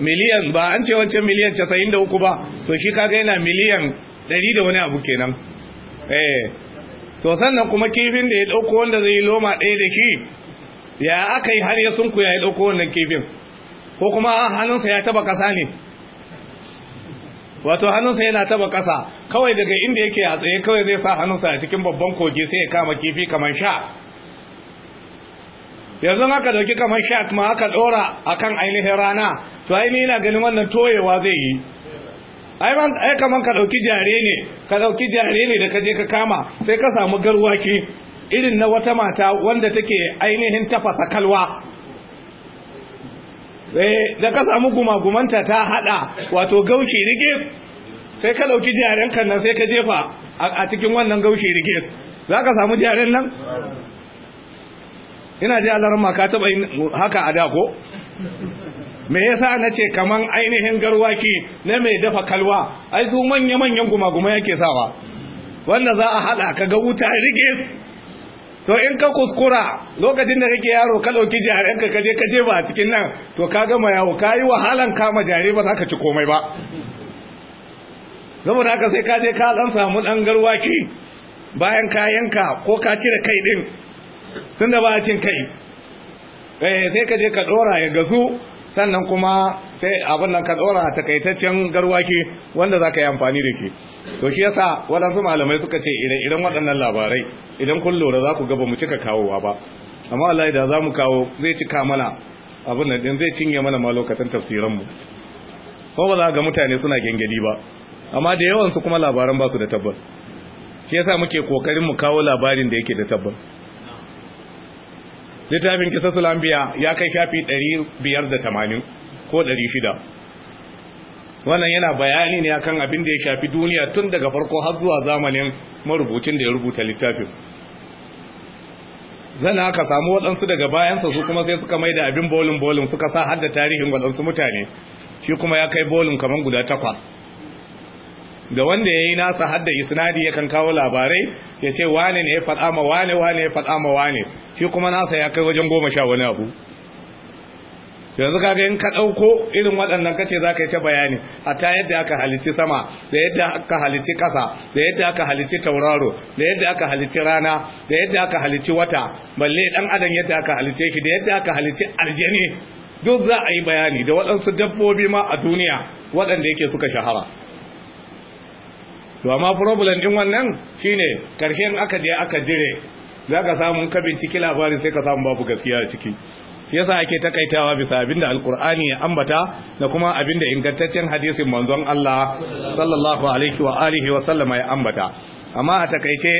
miliyan ba an ce wancan miliyan casa'in da uku ba to shi kaga yana miliyan ɗari da wani abu kenan eh to sannan kuma kifin da ya ɗauko wanda zai loma ɗaya da shi ya aka yi har ya sunku ya ɗauko wannan kifin ko kuma hannunsa ya taba ƙasa ne wato hannunsa yana taba kasa kawai daga inda yake a tsaye kawai zai sa hannunsa a cikin babban kogi sai ya kama kifi kamar sha yanzu aka kika kamar shak ma aka dora akan ainihin rana to ainihin ina ganin wannan toyewa zai yi ai kaman ka dauki jare ne ka dauki jare ne da ka je ka kama sai ka samu garwaki irin na wata mata wanda take ainihin tafasa kalwa eh, da ka samu gumagumanta ta hada wato gaushi rige sai ka dauki jaren kan nan sai ka jefa a cikin wannan gaushi rige za samu jaren nan ina ji alaran ka taba yin haka a da ko me yasa na ce kaman ainihin garwaki na mai dafa kalwa ai su manya manyan kuma yake sawa wanda za a hada ka ga wuta rige to in ka kuskura lokacin da kake yaro ka dauki jarin ka kaje kaje ba a cikin nan to ka gama yawo ka yi wahalan kama jare ba za ka ci komai ba saboda haka sai ka je ka dan samu dan garwaki bayan ka yanka ko ka cire kai din Sun da ba a cin kai eh, sai ka je ka ɗora ya gasu sannan kuma sai abin nan ka ɗora takaitaccen garwaki wanda za ka yi amfani da ke to shi yasa waɗansu malamai suka ce idan idan waɗannan labarai idan kun lura za ku gaba mu cika kawowa ba amma Allah da za mu kawo zai cika mana abin nan ɗin zai cinye mana ma lokacin tafsiranmu ko ba za ga mutane suna gengedi ba amma da yawansu kuma labaran ba su da tabbas shi yasa muke kokarin mu kawo labarin da yake da tabbas littafin kisasul anbiya ya kai shafi 580 ko 600 wannan yana bayani ne akan abin da ya shafi duniya tun daga farko har zuwa zamanin marubucin da ya rubuta littafin zana aka samu waɗansu daga bayansa su kuma sai suka maida abin bolin bolin suka sa hada tarihin waɗansu mutane shi kuma ya kai bolin kamar guda takwas da wanda ya yi nasa hadda isnadi yakan kawo labarai ya ce wane ne ya faɗa ma wane wane ya faɗa ma wane shi kuma nasa ya kai wajen goma sha wani abu yanzu kaga in ka ɗauko irin waɗannan kace za ka yi ta bayani hatta yadda aka halici sama da yadda aka halici ƙasa da yadda aka halici tauraro da yadda aka halici rana da yadda aka halici wata balle ɗan adam yadda aka halice shi da yadda aka halici aljani duk za a yi bayani da waɗansu dabbobi ma a duniya waɗanda yake suka shahara to amma problem din wannan shine karshen aka je aka dire zaka samu ka binciki labarin sai ka samu babu gaskiya a ciki shi yasa ake takaitawa bisa abinda alkur'ani ya ambata da kuma abinda ingantaccen hadisin manzon Allah sallallahu alaihi wa alihi wa sallama ya ambata amma a takaice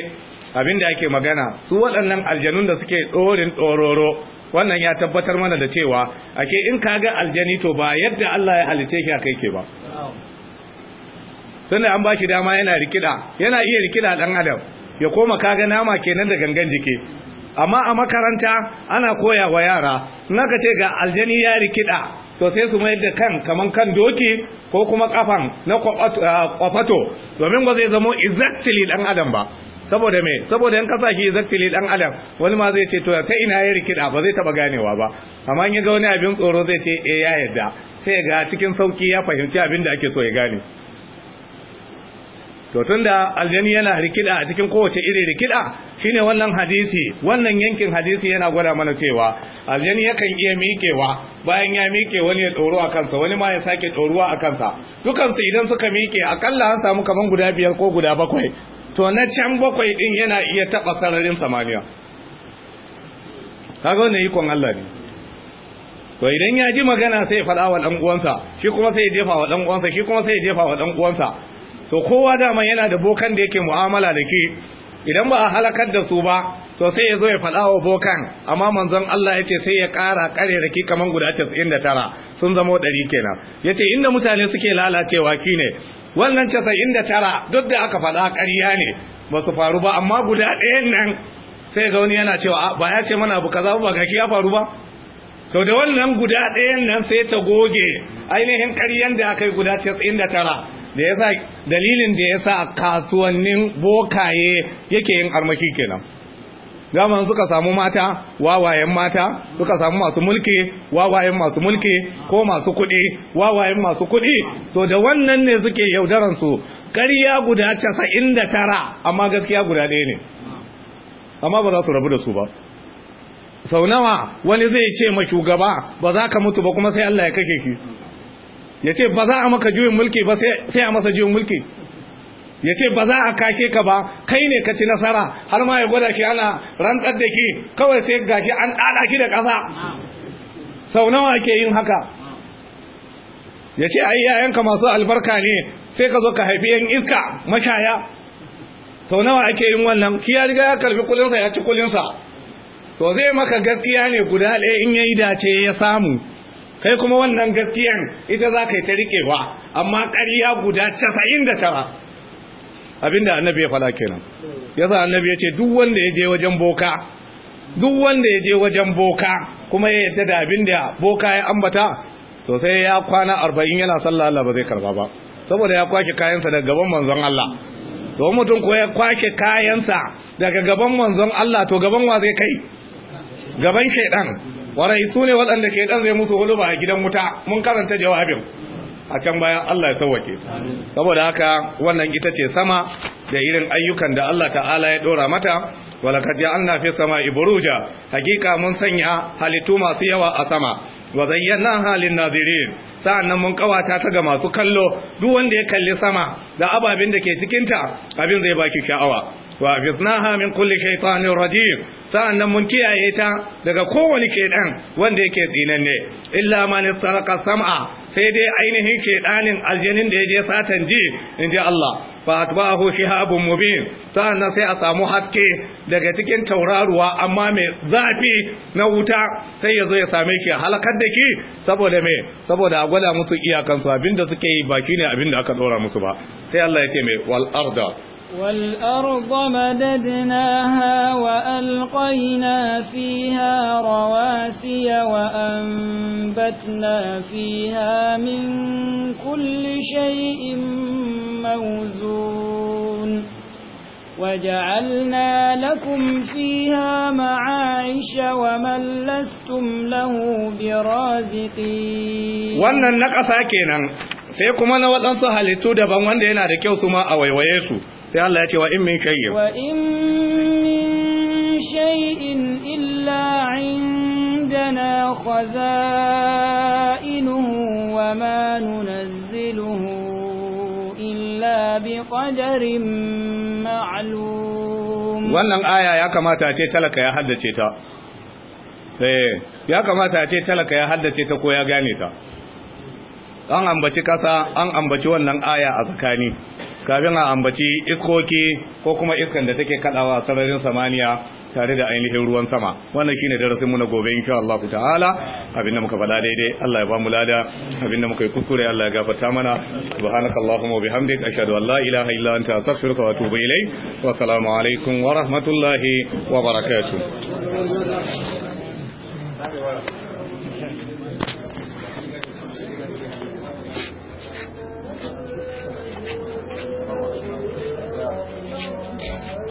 abinda ake magana su waɗannan aljanun da suke dorin dororo wannan ya tabbatar mana da cewa ake in kaga aljani to ba yadda Allah ya halice ki akai ke ba sannan an ba shi dama yana rikida yana iya rikida dan adam ya koma kaga nama kenan da gangan jiki amma a makaranta ana koya wa yara in aka ce ga aljani ya rikida to sai su mayar da kan kaman kan doki ko kuma kafan na kwafato domin ba zai zamo exactly dan adam ba saboda me saboda in kasa shi exactly dan adam wani ma zai ce to ta ina ya rikida ba zai taba ganewa ba amma in ya ga wani abin tsoro zai ce eh ya yarda, sai ga cikin sauki ya fahimci abin da ake so ya gane to tunda aljani yana rikida a cikin kowace iri rikida shine wannan hadisi wannan yankin hadisi yana gwada mana cewa aljani yakan iya miƙewa bayan ya miƙe wani ya tsoro a kansa wani ma ya sake tsoruwa a kansa dukansu idan suka miƙe akalla an samu kaman guda biyar ko guda bakwai to na can bakwai din yana iya taɓa sararin samaniya kaga wannan ikon Allah ne to idan ya ji magana sai ya faɗa wa ɗan uwansa shi kuma sai ya jefa wa ɗan uwansa shi kuma sai ya jefa wa ɗan uwansa to kowa dama yana da bokan da yake mu'amala da ke idan ba a halakar da su ba to sai ya zo ya faɗa wa bokan amma manzon Allah ya ce sai ya ƙara ƙare raki kaman guda 99 sun zama ɗari kenan ya ce inda mutane suke lalacewa ki ne wannan 99 duk da aka faɗa ƙarya ne ba su faru ba amma guda ɗayan nan sai ga wani yana cewa ba ya ce mana abu kaza ba kaki ya faru ba to da wannan guda ɗayan nan sai ta goge ainihin ƙaryan da aka yi guda 99 da yasa dalilin da yasa kasuwannin bokaye yake yin armaki kenan zaman suka samu mata wawayen mata suka samu masu mulki wawayen masu mulki ko masu kuɗi wawayen masu kuɗi to da wannan ne suke yaudaran su ƙarya guda 99 amma gaskiya guda ɗaya ne amma ba za su rabu da su ba sau nawa wani zai ce ma shugaba ba za ka mutu ba kuma sai Allah ya kake ki ya ce ba za a maka juyin mulki ba sai a masa juyin mulki ya ce ba za a kake ka ba kai ne ka ci nasara har ma ya gwada shi ana rantsar da ki kawai sai gashi an ɗaɗa ki da ƙasa sau nawa ke yin haka ya ce ai yayanka masu albarka ne sai ka zo ka haifi yan iska mashaya sau nawa ake yin wannan ki ya riga ya karfi kulinsa ya ci kulinsa to zai maka gaskiya ne guda ɗaya in ya yi dace ya samu kai kuma wannan gaskiyan ita za ka yi ta riƙewa amma ƙarya guda casa'in da tara abinda annabi ya fala kenan ya sa annabi ya ce duk wanda ya je wajen boka duk wanda ya je wajen boka kuma ya yadda da abinda boka ya ambata to sai ya kwana arba'in yana sallah Allah ba zai karba ba saboda ya kwake kayansa daga gaban manzon Allah to mutum ko ya kwake kayansa daga gaban manzon Allah to gaban wa zai kai gaban shaidan warai su ne waɗanda ke ɗan zai musu huluba a gidan wuta mun karanta jawabin a can bayan Allah ya sauwake saboda haka wannan ita ce sama da irin ayyukan da Allah ta'ala ya ɗora mata wala walakad anna fi sama buruja hakika mun sanya halittu masu yawa a sama wa zayyana halin nazirin sa'annan mun kawata ta ga masu kallo duk wanda ya kalli sama da ababin da ke cikin ta abin zai baki sha'awa wa hafiznaha min kulli shaytanir rajim sa'annan mun kiyaye ta daga kowane kedan wanda yake tsinanne illa man saraka sam'a sai dai ainihin kedanin aljanin da yaje satan ji inji Allah fa atba'ahu shihabun mubin sa'annan sai a samu haske daga cikin tauraruwa amma mai zafi na wuta sai yazo ya same ki halakar da ki saboda me saboda a gwada musu iyakansu abinda suke yi ba shine abinda aka ɗora musu ba sai Allah ya ce mai wal arda والأرض مددناها وألقينا فيها رواسي وأنبتنا فيها من كل شيء موزون وجعلنا لكم فيها معايش ومن لستم له برازقين wannan nakasa kenan sai kuma na waɗansu halittu daban wanda yana da kyau su ma a waiwaye su sai Allah ya ce wa in min shay'in wa in min shay'in illa indana khaza'inuhu wa ma nunazziluhu illa bi qadarin ma'lum wannan aya ya kamata ce talaka ya haddace ta eh, ya kamata ce talaka ya haddace ta ko ya gane ta an ambaci kasa an ambaci wannan aya a tsakani kafin a ambaci iskoki ko kuma iskan da take kadawa sararin samaniya tare da ainihin ruwan sama wannan shine darasin mu na gobe insha Allah ta'ala abinda muka faɗa daidai Allah ya ba mu lada abinda muka yi kuskure Allah ya gafarta mana subhanakallahumma wa bihamdik ashhadu an la ilaha illa anta astaghfiruka wa atubu ilayk wa assalamu alaikum wa rahmatullahi wa barakatuh